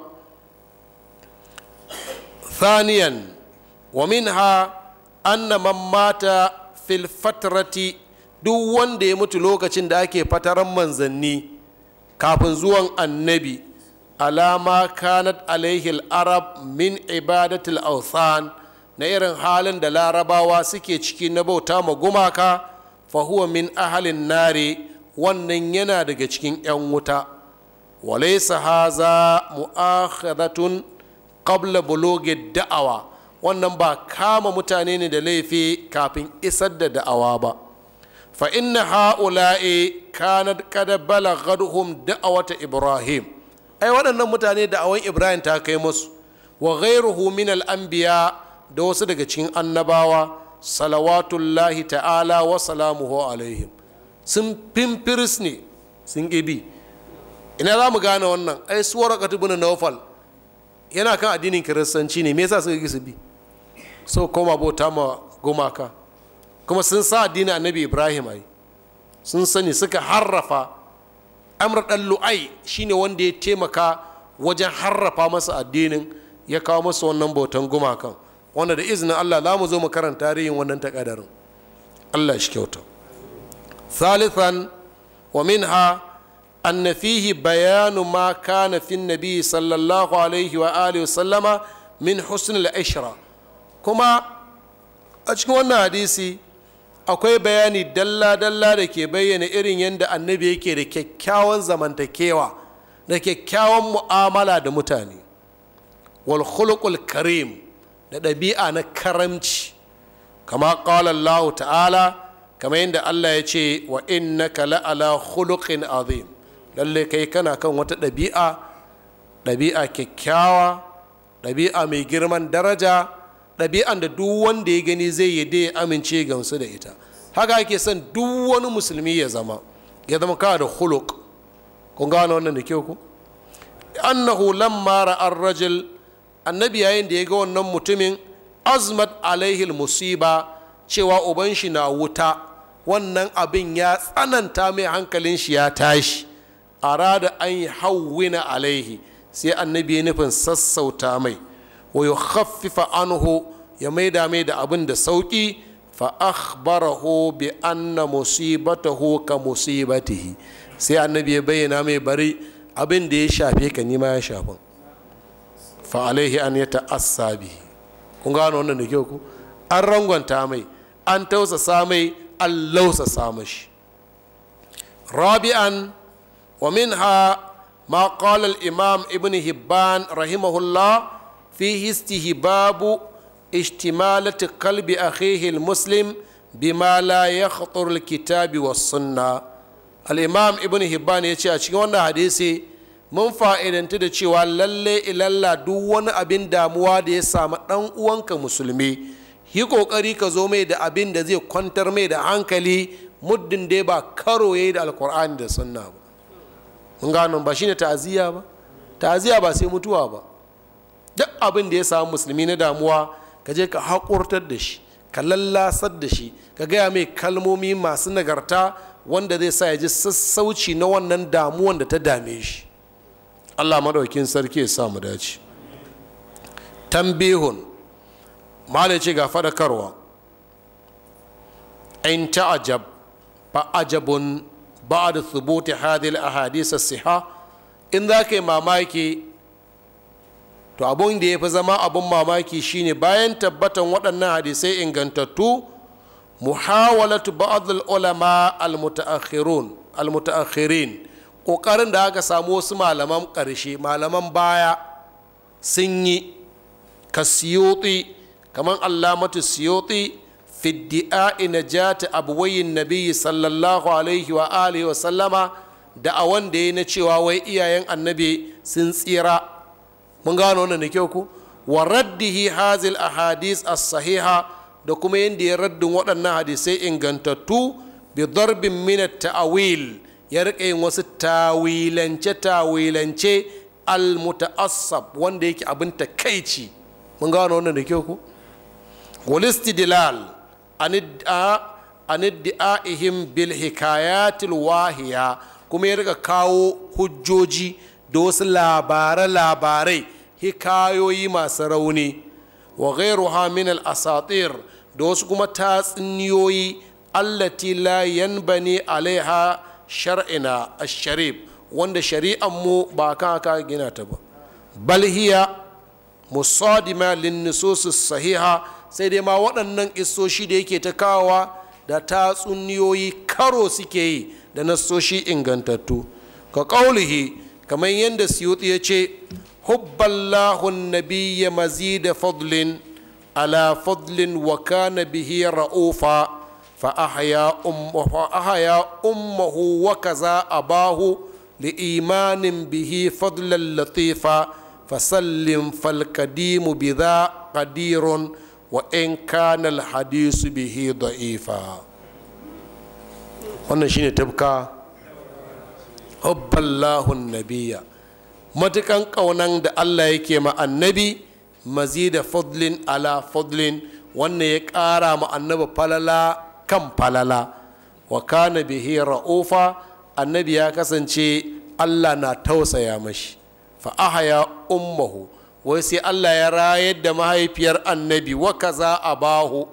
thaniyan wa minha anna man mata fil fatrati duk wanda ya mutu lokacin da ake fataran manzanni kafin zuwan annabi alama kanat alaihi arab min ibadatil al na irin halin da larabawa suke ciki na bauta ma gumaka fahuwa min ahalin nare wannan yana daga cikin 'yan wuta walaisa haza mu'akhadatun qabla buloge da'awa wannan ba kama mutane ne da laifi kafin isar da da'awa ba fa inna ha'ula'i kanat qad balaghaduhum da'awata ibrahim ai waɗannan mutane da'awan ibrahim ta kai musu wa ghayruhu min al-anbiya da wasu daga cikin annabawa salawatullahi ta'ala wa salamuhu alaihim sun pimpiris ne sun ƙibi ina za mu gane wannan ai su waraka tubun naufal yana kan addinin kiristanci ne me yasa suka ƙi su bi so koma bauta ma gumaka kuma sun sa addinin annabi ibrahim ai sun sani suka harrafa amr dan lu'ai shine wanda ya taimaka wajen harrafa masa addinin ya kawo masa wannan bautan gumakan wanda da izinin Allah za mu zo mu karanta tarihin wannan takadarin Allah shi kyauta thalithan wa minha an fihi bayanu ma kana fi nabi sallallahu alaihi wa alihi wa sallama min husn al-ishra kuma a cikin wannan hadisi akwai bayani dalla dalla da ke bayyana irin yadda annabi yake da kyakkyawan zamantakewa da kyakkyawan mu'amala da mutane wal khuluqul karim da ɗabi'a na karamci kama ƙala Allah ta'ala kama yadda Allah ya ce wa inna la'ala hulukin khuluqin azim lalle kai kana kan wata ɗabi'a ɗabi'a kyakkyawa ɗabi'a mai girman daraja ɗabi'an da duk wanda ya gani zai yi da amince gamsu da ita haka ake son duk wani musulmi ya zama ya zama kana da huluk kun gane wannan da kyau ku annahu lamma ra'ar rajul annabi yayin da ya ga wannan mutumin azmat alaihil musiba cewa uban shi na wuta wannan abin ya tsananta mai hankalin shi ya tashi arada an yi hawwina alaihi sai annabi ya nufin sassauta mai wa haffifa anhu ya maida mai da abin da sauki fa akhbarahu bi anna musibatahu ka musibatihi sai annabi ya bayyana mai bari abin da ya shafe ka nima ya shafin fa alaihi an ya assa bihi kun gano wannan da kyau ku an rangwanta mai an tausasa mai an lausasa mashi rabi'an wa minha ma qala al-imam ibn hibban rahimahullah fi istihbabu اشتمالة قلب أخيه المسلم بما لا يخطر الكتاب والسنة الإمام ابن هبان يتشي أشكي وانا hadisi. mun fa'idantu da cewa lalle ilalla duk wani abin damuwa da ya samu ɗan uwanka musulmi yi ƙoƙari ka zo mai da abin da zai kwantar mai da hankali muddin dai ba karo ya yi da alkur'ani da sunna ba mun gano ba shine ta'aziyya ba ta'aziyya ba sai mutuwa ba duk abin da ya samu musulmi na damuwa ka je ka haƙurtar da shi ka lallasar da shi ka gaya mai kalmomi masu nagarta wanda zai sa ya ji sassauci na wannan damuwan da ta dame shi allah maɗaukin sarki ya samu dace tambihun malai ce ga faɗakarwa in ta'ajab fa ajabun ba'da thubuti hadhihi al-ahadith as-siha in za ka yi mamaki to abun da ya fi zama abun mamaki shine bayan tabbatan waɗannan hadisai ingantattu muhawalatu ba'd ulama al-muta'akhirin ƙoƙarin da aka samu wasu malaman ƙarshe malaman baya sun yi ka siyoti kamar allamatu siyoti fiddi'a ina jata abuwayin nabiyyi sallallahu alaihi wa alihi wa da a wanda ya na cewa wai iyayen annabi sun tsira mun gano wannan da kyau ku wa raddihi hazil ahadis a sahiha da kuma yadda ya raddin waɗannan hadisai ingantattu bi darbin a ta'awil ya riƙa yin wasu tawilance tawilance al muta'assab wanda yake abin ta takaici mun gano wannan da kyau ko walistidlal anidda aniddaihim bil hikayatil wahiya kuma ya rika kawo hujjoji da wasu labare labarai hikayoyi masu rauni wa ghairuha min al asatir da wasu kuma tatsuniyoyi allati la yanbani alaiha shar'ina asharif wanda shari'an mu ba kaka ka gina ta ba bal hiya musadima lin nusus sahiha sai dai ma waɗannan isoshi da yake ta kawowa da tatsuniyoyi karo suke yi da nassoshi ingantattu ka ƙaulihi kamar yadda siyuti ya ce hubballahun mazi mazida fadlin ala fadlin wa kana bihi ra'ufa فأحيا أمه وكذا أباه لإيمان به فضلا لطيفا فسلم فالقديم بذا قدير وإن كان الحديث به ضعيفا wannan shine tafka hubballahun nabiya matukan kaunan da allah yake ma annabi mazida fadlin ala fadlin wannan ya ƙara ma annaba falala kan falala wa kana bihi ra'ufa annabi ya kasance allah na tausaya mashi fa ahaya ummahu wai sai allah ya rayar da mahaifiyar annabi wa kaza abahu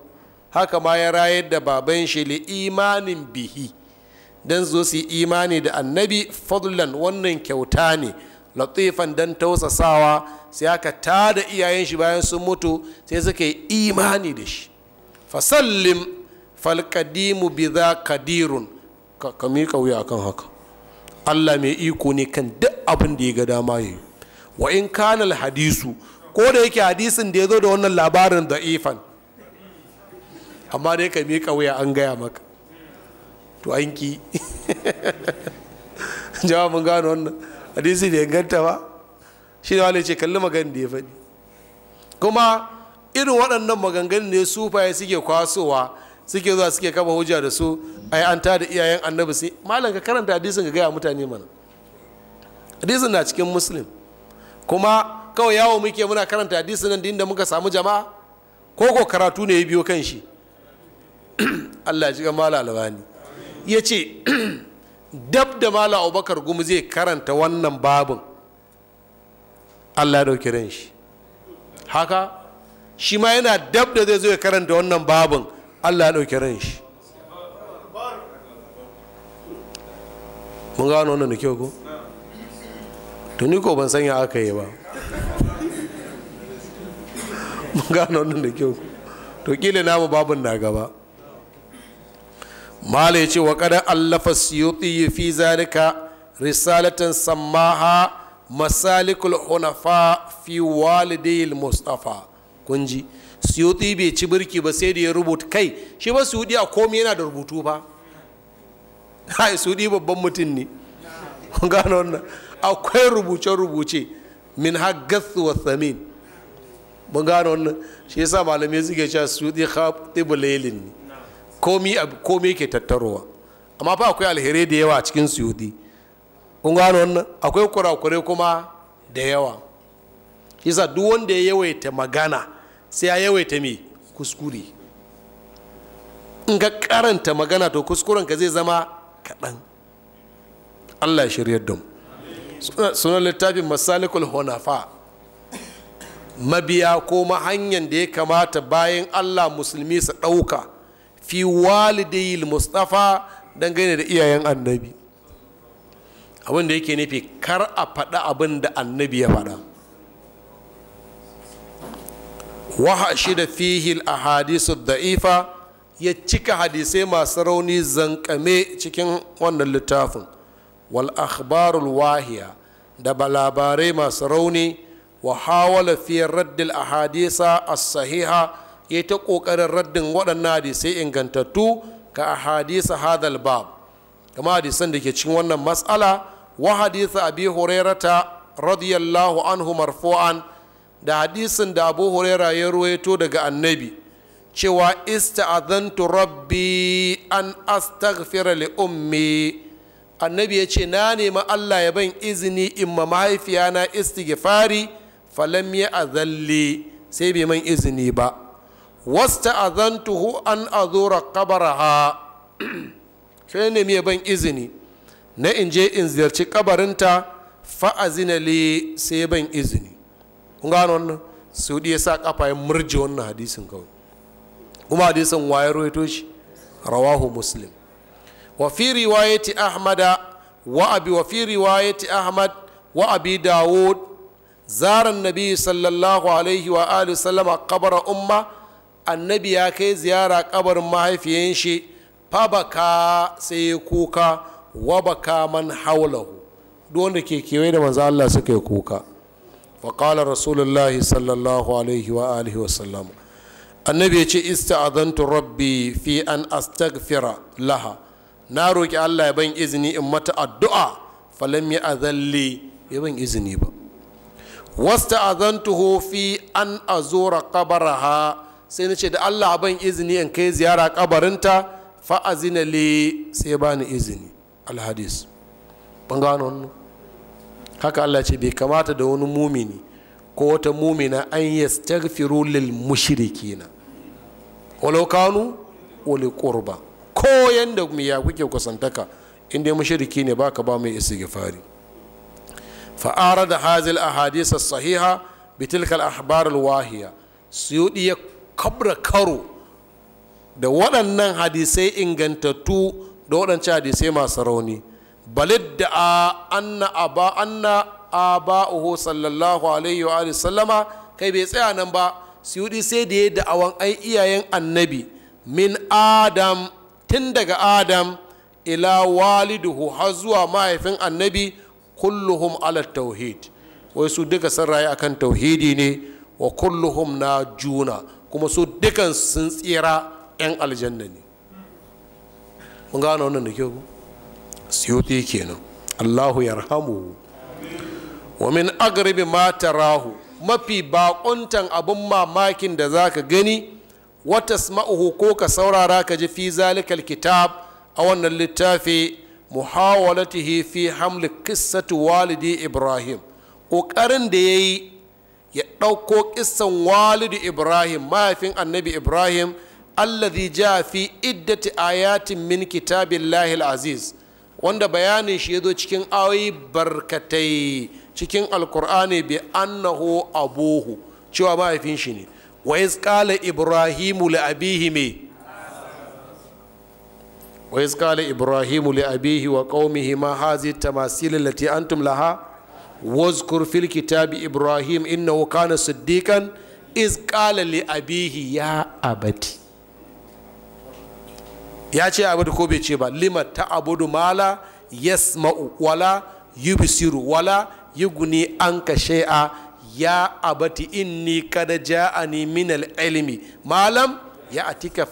haka ma ya rayar da baban shi li imanin bihi dan zo su imani da annabi fadlan wannan kyauta ne latifan dan tausasawa sai aka tada iyayen shi bayan sun mutu sai suka yi imani da shi fasallim falkadimu bi za kadirun ka miƙa wuya akan haka allah mai iko ne kan duk abin da ya ga dama yi wa in kanal hadisu ko da yake hadisin da ya zo da wannan labarin da ifan amma dai ka miƙa wuya an gaya maka to an ki [LAUGHS] jawabin mun gano wannan hadisi ya ganta ba shi da ce kalli maganin da ya faɗi kuma irin waɗannan maganganun ne sufaye suke kwasowa suke zuwa suke kaba hujja da su a yi an da iyayen annabi sai malam ka karanta hadisin ka gaya mutane mana hadisin na cikin muslim kuma kawai yawo muke muna karanta hadisin nan inda muka samu jama'a ko ko karatu ne ya biyo kan shi [CLEARS THROAT] Allah ya ji mala albani ya ce [CLEARS THROAT] dab da mala abubakar gumu zai karanta wannan babin Allah ya ɗauki ran shi haka shi ma yana dab da zai zo ya karanta wannan babin allah ya dauke ran shi mun gano wannan da kyau ko tuni ko ban sanya aka yi ba mun gano wannan da kyau ko to kila namu babin na gaba mala ya ce wa kada allafa siyuti fi zalika risalatan sammaha masalikul hunafa fi walidayil mustafa kunji suyuti bai ci birki ba sai da ya rubuta kai shi ba suyuti a komai yana da rubutu ba hai [LAUGHS] suyuti babban mutum ne gano wannan akwai rubuce-rubuce min haggathu wa samin mun gano wannan shi yasa malamai suke cewa suyuti khatibu lailin ne komai komai ke tattarowa amma fa akwai alheri da yawa a cikin suyuti kun gano wannan akwai kurakure kuma da yawa shi yasa duk wanda ya yawaita magana sai ya yawaita mai kuskure in ka karanta magana to kuskuren ka zai zama kaɗan allah shiryar shirya sunan littafin masalikul honafa mabiya ko hanyar da ya kamata bayan allah musulmi su ɗauka fi walidayil mustafa dangane da iyayen annabi abin da yake nufi kar a faɗa abin da annabi ya faɗa wahashi da fihil a hadisu da'ifa ya cika hadisai masu rauni zankame cikin wannan littafin wal akhbarul wahiya da labarai masu rauni wa hawala fi raddil ahadisa a sahiha ya ta kokarin raddin waɗannan hadisai ingantattu ka ahadisa hadal bab kama hadisan da ke cikin wannan mas'ala wa hadisa abi hurairata radiyallahu anhu marfu'an da hadisin da abu huraira ya ruwaito daga annabi cewa ista'adantu rabbi an astaghfira li ummi annabi ya ce na nemi allah ya ban izini in ma mahaifiyana istighfari falam ya azalli sai bai man izini ba wasta'adantuhu an azura kabaraha [CLEARS THROAT] sai ne ya ban izini na in je in ziyarci kabarinta fa'azina sai ban izini kun gano wannan saudi ya sa kafa ya murje wannan hadisin kawai kuma hadisin waye rawaito shi rawahu muslim wa fi riwayati ahmada wa abi wa fi riwayati ahmad wa abi dawud zara nabi sallallahu alaihi wa alihi sallama kabara umma annabi ya kai ziyara kabarin mahaifiyan shi ka sai kuka wa baka man haulahu duk wanda ke kewaye da manzo Allah suka yi kuka wa qala rasulullahi sallallahu alaihi wa alihi wa sallam annabi ya ce ista'adantu rabbi fi an astaghfira laha na roki Allah ya ban izini in mata addu'a falam ya azalli ya ban izini ba wasta'adantuhu fi an azura qabaraha sai na ce da Allah ban izini in kai ziyara kabarinta fa'azina li sai bani izini alhadis ban gano haka Allah ce bai kamata da wani mumini ko wata mumina an yastaghfiru lil mushrikina walau kanu wali qurba ko yanda mu ya kuke kusantaka in dai mushriki ne baka ba mai istighfari fa arada hazil ahadith as-sahiha bi tilka al-ahbar al-wahiya suyudi ya kabra karo da waɗannan hadisai ingantattu da waɗancan hadisai masu rauni balid da a anna aba anna uhu sallallahu alaihi wa sallama kai bai tsaya nan ba suyudi sai da ya da'awan ai iyayen annabi min adam tun daga adam ila waliduhu har zuwa mahaifin annabi kulluhum ala tauhid wai su duka sun rayu akan tauhidi ne wa kulluhum na juna kuma su dukan sun tsira 'yan aljanna ne mun gano wannan da kyau siyuti kenan allahu yarhamu wa min agribi ma tarahu mafi bakuntan abin mamakin da zaka gani wata sma'uhu ko ka saurara ka ji fi zalikal kitab a wannan littafi muhawalatihi fi hamli kissatu walidi ibrahim ƙoƙarin da ya ya ɗauko kissan walidi ibrahim mahaifin annabi ibrahim allazi ja fi iddati ayatin min kitabillahi aziz wanda bayanin shi ya zo cikin ayoyi barkatai cikin alkur'ani bi annahu abuhu cewa mahaifin shi ne wa iz qala ibrahimu li abihi me wa iz qala ibrahimu li abihi wa qaumihi ma hazi tamasil allati antum laha wazkur fil kitabi ibrahim innahu kana siddiqan iz qala li abihi ya abati ya ce abu ko bai ce ba lima ta abudu mala yasma'u wala yubsiru wala yuguni anka shaa ya abati inni kada ja'ani min al-ilmi malam ya atika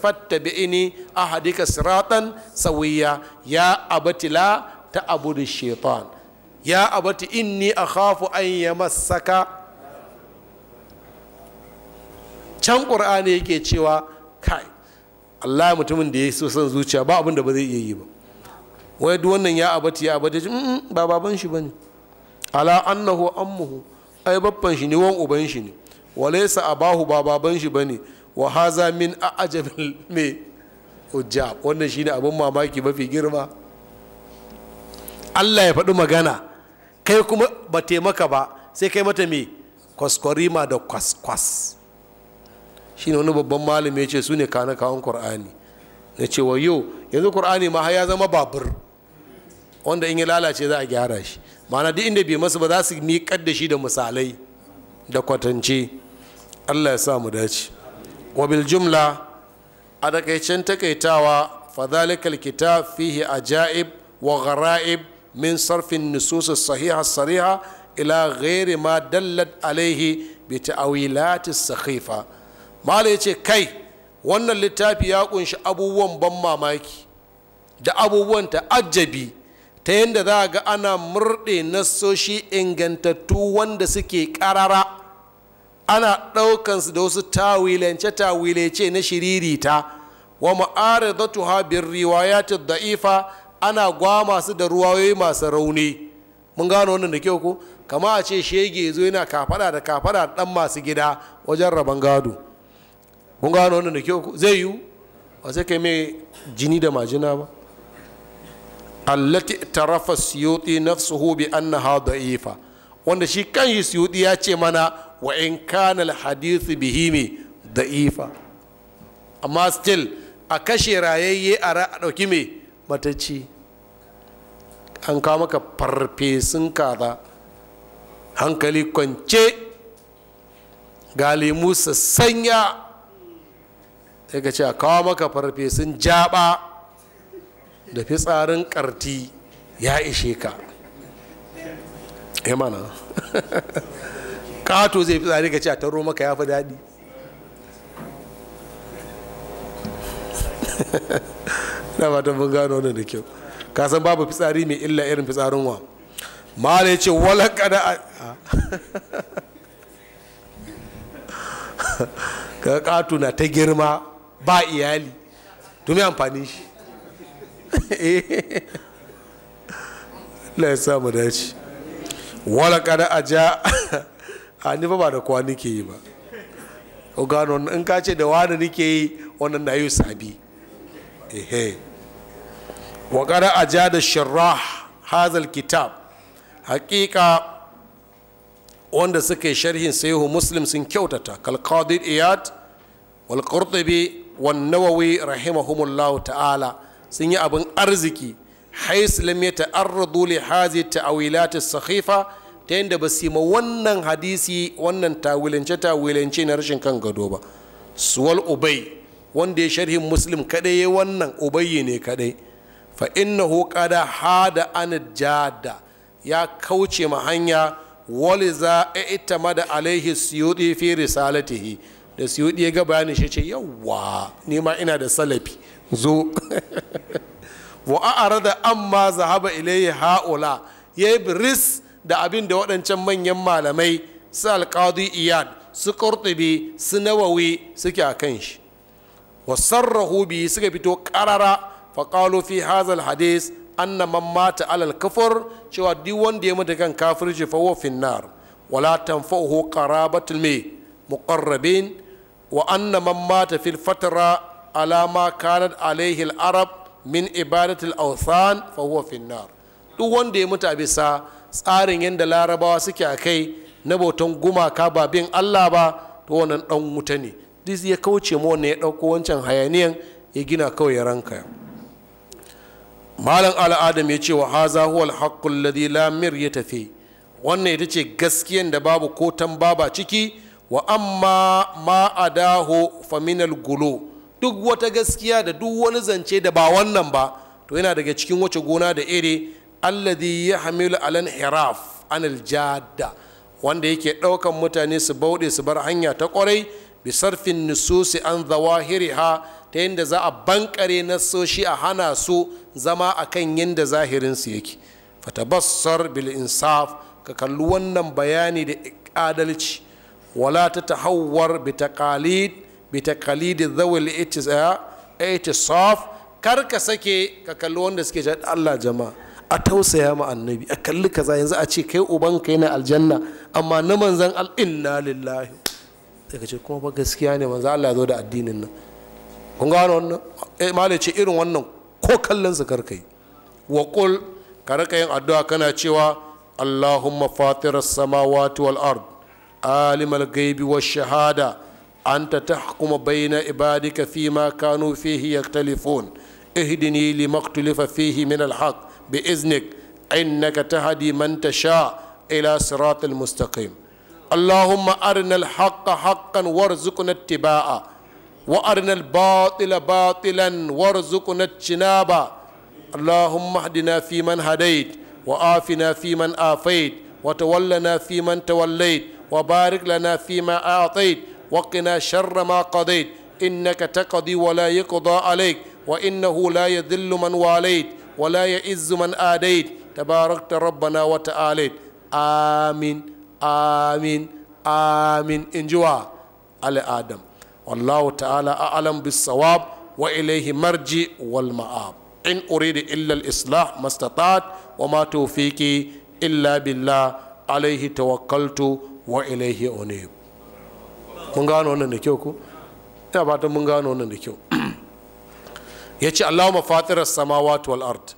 a hadika siratan sawiya ya abati la ta abudu shaitan ya abati inni kafu an yamassaka can ƙur'ani yake cewa kai Allah ya mutumin da ya so son zuciya ba abin da ba zai iya yi ba wai duk wannan ya abati ya abati ba baban shi bane ala annahu ammuhu ai babban shi ne wan uban shi ne walaysa abahu ba baban shi bane wa haza min a'jabil me wannan shine abin mamaki mafi girma Allah ya faɗi magana kai kuma ba taimaka ba sai kai mata me kwaskwarima da kwaskwas shine wani babban malami ya ce su ne kana kawon ƙur'ani na cewa yau yanzu ƙur'ani ma har ya zama babur wanda in ya lalace za a gyara shi ma'ana duk inda bai masu ba za su miƙar da shi da misalai da kwatance allah ya sa mu dace wabil jumla a takaicen takaitawa fadhalikal kitab fihi ajaib wa gharaib min sarfin nusus sahiha sariha ila ghairi ma dallat alaihi bi ta'awilatis sakhifa mala ya ce kai wannan littafi ya kunshi abubuwan ban mamaki da abubuwan ta'ajjabi ta yadda za ga ana murɗe nassoshi ingantattu wanda suke ƙarara ana ɗaukansu da wasu tawilance-tawilance na shiririta wa ma'aradatuha bin riwayat da'ifa ana gwama su da ruwayoyi masu rauni mun gano wannan da kyau ko kama a ce shege zo yana kafada da kafada ɗan masu gida wajen rabon gado kun gano wannan da kyau zai yiwu ba sai kai mai jini da majina ba allati tarafa siyuti nafsuhu bi annaha da'ifa wanda shi kan kanshi siyuti ya ce mana wa in kana alhadith bihi mi da'ifa amma still a kashe rayayye a ɗauki dauki me matacci an kawo maka farfesun kaza hankali kwance ga lemu sanya. sai ka ce a kawo maka farfe sun jaba da fitsarin karti ya ishe ka ya eh mana [LAUGHS] kato zai fitsari ka ce a taro maka ya fi daɗi [LAUGHS] na fatan mun gano wannan da kyau ka san babu fitsari mai illa irin fitsarin wa mala ya ce walaka da [LAUGHS] ka katu na ta girma ba iyali to me amfani shi [LAUGHS] Allah ya sa mu dace wala kada ja [LAUGHS] a ni ba da kwa nike yi ba o gano in ka ce da wani nike yi wannan na yi sabi ehe wa kada ja da sharrah hazal kitab hakika wanda suka yi sharhin sayihu muslim sun kyautata kalqadid iyad wal qurtubi wan nawawi rahimahumullahu ta'ala sun yi abin arziki hais ta yata'arradu li hazi ta'wilat as-sakhifa ta yadda ba su ma wannan hadisi wannan tawilance tawilance na rashin kan gado ba suwal ubai wanda ya sharhin muslim kadai ya wannan ubayyi ne kadai fa innahu da hada an jada ya kauce ma hanya waliza i'tamada alaihi suyuti fi risalatihi da suyuɗi ya ga bayanin shi ce yawwa ni ma ina da salafi zo [LAUGHS] wa a'ara da amma zahaba ilayhi ha'ula yi biris da abin da waɗancan manyan malamai su alƙadu iyad su ƙurtubi su nawawi suke a kan shi wa sarrahu bi suka fito ƙarara faƙalu fi hazal hadis anna man mata alal kafar cewa duk wanda ya mutu kan kafirci fa huwa finnar wala tanfa'uhu qarabatul mai Muƙarrabin wa anna mata fil fatara ala ma arab min ibadatil awthan fa duk wanda ya mutu a bisa tsarin yadda larabawa suke a kai na bautan gumaka ba bin Allah ba to wannan dan wuta ne duk ya kauce mu wannan ya ɗauko wancan hayaniyan ya gina kawai ya ranka malam al'adam ya ce wa haza huwa al ya ladhi la ya fi wannan ita ce gaskiyan da babu ko baba ciki wa amma ma adahu faminal gulo duk wata gaskiya da duk wani zance da ba wannan ba to yana daga cikin wace gona da iri alladhi ya hamilu alan hiraf anil jadda wanda yake ɗaukan mutane su bauɗe su bar hanya ta ƙwarai bi sarfin nususi an zawahiriha ta yadda za a bankare nasoshi a hana su zama a kan yadda zahirinsu yake fatabassar bil insaf ka kalli wannan bayani da adalci wala ta tahawwar bi taqalid bi taqalid dhawil itisaf kar ka sake ka kalli wanda suke ce Allah jama'a a tausaya ma annabi a kalli kaza yanzu a ce kai ubanka yana aljanna amma na manzan al inna lillahi sai ka ce kuma ba gaskiya ne manzan Allah ya zo da addinin nan kun gano wannan malai ce irin wannan ko kallon kar karka yi ka raka yin addu'a kana cewa Allahumma fatiras samawati wal عالم الغيب والشهادة أنت تحكم بين عبادك فيما كانوا فيه يختلفون اهدني لما اختلف فيه من الحق بإذنك إنك تهدي من تشاء إلى صراط المستقيم اللهم أرنا الحق حقا وارزقنا اتباعه وأرنا الباطل باطلا وارزقنا اجتنابه اللهم اهدنا فيمن هديت وآفنا فيمن آفيت وتولنا فيمن توليت وبارك لنا فيما أعطيت وقنا شر ما قضيت إنك تقضي ولا يقضى عليك وإنه لا يذل من واليت ولا يئز من آديت تباركت ربنا وتعاليت آمين آمين آمين إنجوا على آدم والله تعالى أعلم بالصواب وإليه مرجي والمآب إن أريد إلا الإصلاح ما استطعت وما توفيقي إلا بالله عليه توكلت wa ilaihi unib mun gano wannan da kyau ko ina ba mun gano wannan da kyau [CLEARS THROAT] yace ce, fatiras samawati wal ard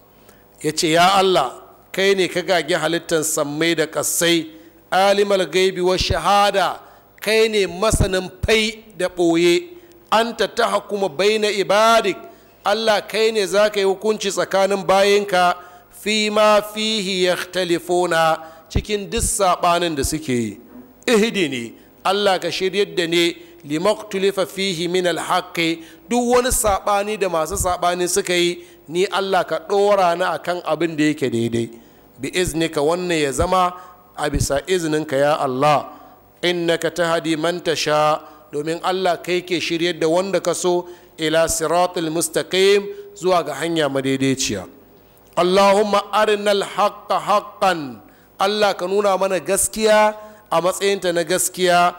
yace ya Allah kai ne ka gage halittar sammai da ƙasai? alimal gaibi wa shahada kai ne masanin fai da ɓoye an ta ta hakuma baina ibadik allah kai ne za ka yi hukunci tsakanin bayanka fi ma fihi ya cikin duk saɓanin da suke yi ihdini Allah ka shiryar da ne limaktulifa fihi min alhaqi duk wani sabani da masu sabani suka yi ni Allah ka dora na akan abin da yake daidai bi iznika wannan ya zama a bisa izininka ya Allah innaka tahdi man tasha domin Allah kai ke shiryar da wanda ka so ila siratul mustaqim zuwa ga hanya madaidaiciya Allahumma arinal haqqa haqqan Allah ka nuna mana gaskiya a matsayinta na gaskiya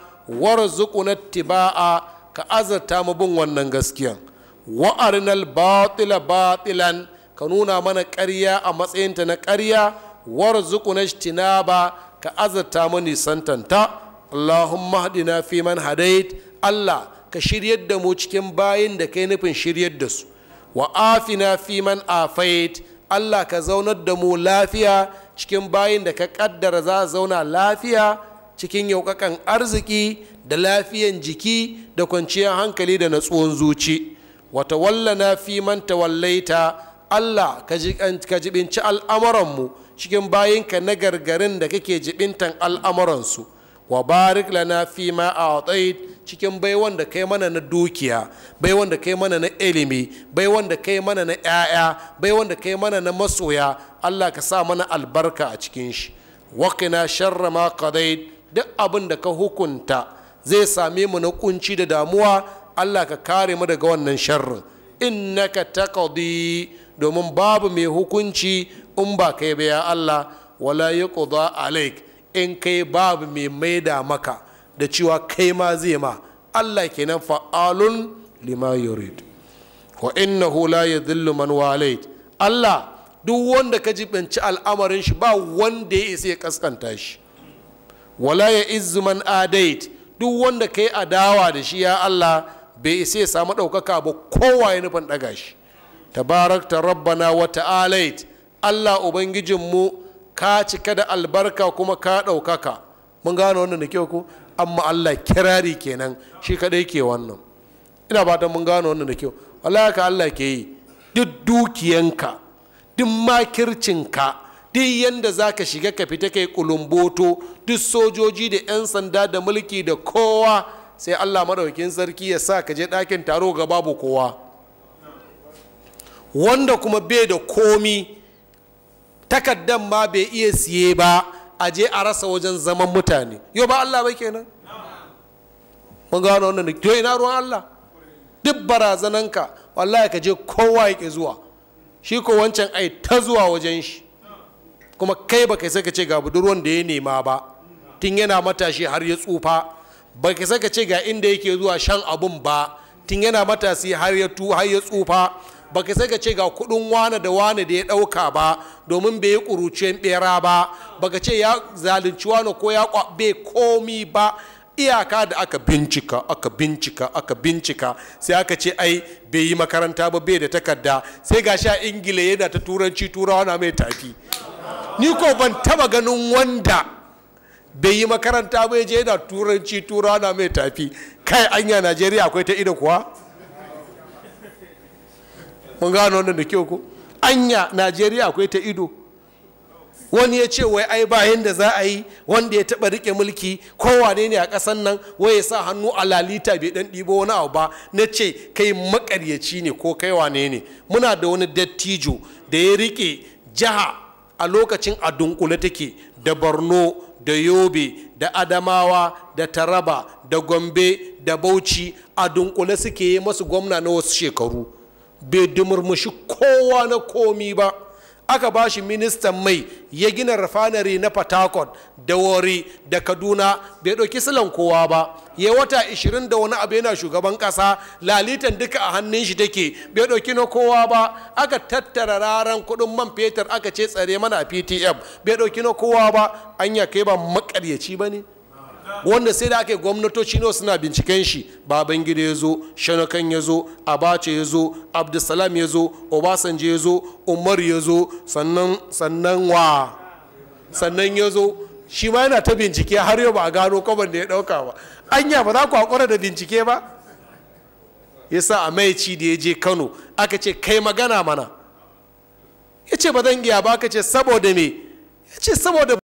na tiba'a ka azarta mu bin wannan gaskiyan wa arinal batila batilan ka nuna mana ƙarya a matsayinta na ƙarya warzuquna tinaba ka azarta mu nisantanta allahumma hadina fi man hadait allah ka shiryar da mu cikin bayin da kai nufin shiryar da su wa afina fi man afait allah ka zaunar da mu lafiya cikin bayin da ka kaddara za zauna lafiya cikin yaukakan arziki da lafiyan jiki da kwanciyar hankali da natsuwan zuci wata wallana fi man tawallaita allah ka jibinci al'amuranmu cikin bayinka na gargarin da kake jibintan al'amuransu wa barik lana fi ma a cikin bai wanda kai mana na dukiya bai wanda kai mana na ilimi bai wanda kai mana na 'ya'ya bai wanda kai mana na masoya allah ka sa mana albarka a cikin shi wakina sharra ma qadait duk abin da ka hukunta zai same mu na kunci da damuwa allah ka kare mu daga wannan sharrin innaka taqdi domin babu mai hukunci in ba kai ba ya allah wala yuqda alaik in kai babu mai maida maka da cewa kai ma zai ma allah kenan fa'alun lima yurid wa innahu la yadhillu man walait allah duk wanda ka jibanci al'amarin shi ba wanda ya isa ya kaskanta shi wala ya izu man adait duk wanda kai adawa da shi ya Allah bai isa ya samu ɗaukaka ba kowa ya nufin ɗaga shi tabarakta rabbana wa ta'alait Allah ubangijinmu ka cika da albarka kuma ka ɗaukaka mun gane wannan da kyau ko amma Allah kirari kenan shi kadai ke wannan ina fatan mun gane wannan da kyau wallahi ka Allah ke yi duk dukiyanka duk makircinka duk yadda za ka shiga ka fita kai kulumboto duk sojoji da 'yan sanda da mulki da kowa sai allah maɗaukin sarki ya sa ka je ɗakin taro ga babu kowa wanda kuma bai da komi takaddan ma bai iya siye ba a je a rasa wajen zaman mutane yau ba allah ba kenan mun gano wannan to ina ruwan allah duk barazananka wallahi ka je kowa ya zuwa shi ko wancan ai ta zuwa wajen shi kuma kai ba kai saka ce ga budurwan da ya nema ba tun yana matashi har ya tsufa ba kai saka ce ga inda yake zuwa shan abun ba tun yana matasi har ya tu har ya tsufa ba kai saka ce ga kudin wane da wane da ya dauka ba domin bai yi kuruciyar bera ba ba ka ce ya zalunci wane ko ya kwabe komi ba iyaka da aka bincika aka bincika aka bincika sai aka ce ai bai yi makaranta ba bai da takarda sai gashi a ingila yana ta turanci turawa na mai tafi ni ko ban taba ganin wanda bai yi makaranta bai je yana turanci tura na mai tafi kai anya najeriya akwai ta ido kuwa mun gano wannan da kyau ko anya najeriya akwai ta ido wani ya ce wai ai bayan da za a yi wanda ya taba rike mulki kowane ne a ƙasan nan wai ya sa hannu a lalita bai dan ɗibo wani abu ba na ce kai makaryaci ne ko kai wane ne muna da wani dattijo da ya rike jiha a lokacin a dunkule take da borno da yobe da adamawa da taraba da gombe da bauchi a dunkule suke yi masu gwamna na wasu shekaru bai dumurmushi kowa na komi ba aka ba shi ministan mai ya gina rafanari na fatakon da wari da kaduna bai ɗauki silan kowa ba ya wata 20 da wani abu yana shugaban kasa lalitan duka a hannun shi take bai ɗauki na kowa ba aka tattara raran kudin man fetur aka ce tsare mana a ptm bai ɗauki na kowa ba an ya kai ba makaryaci ba ne wanda sai da aka gwamnatoci nawa suna binciken shi babangida ya zo shanakan ya zo abace ya zo abdulsalam ya zo Obasanje ya zo umar ya zo sannan wa sannan ya zo shi ma yana ta bincike har yau ba a gano kwaban da ya ɗauka ba anya ba za ku haƙura da bincike ba ya sa a maici da ya je kano aka ce kai magana mana ya ce ba zan giya ba aka ce saboda me ya ce saboda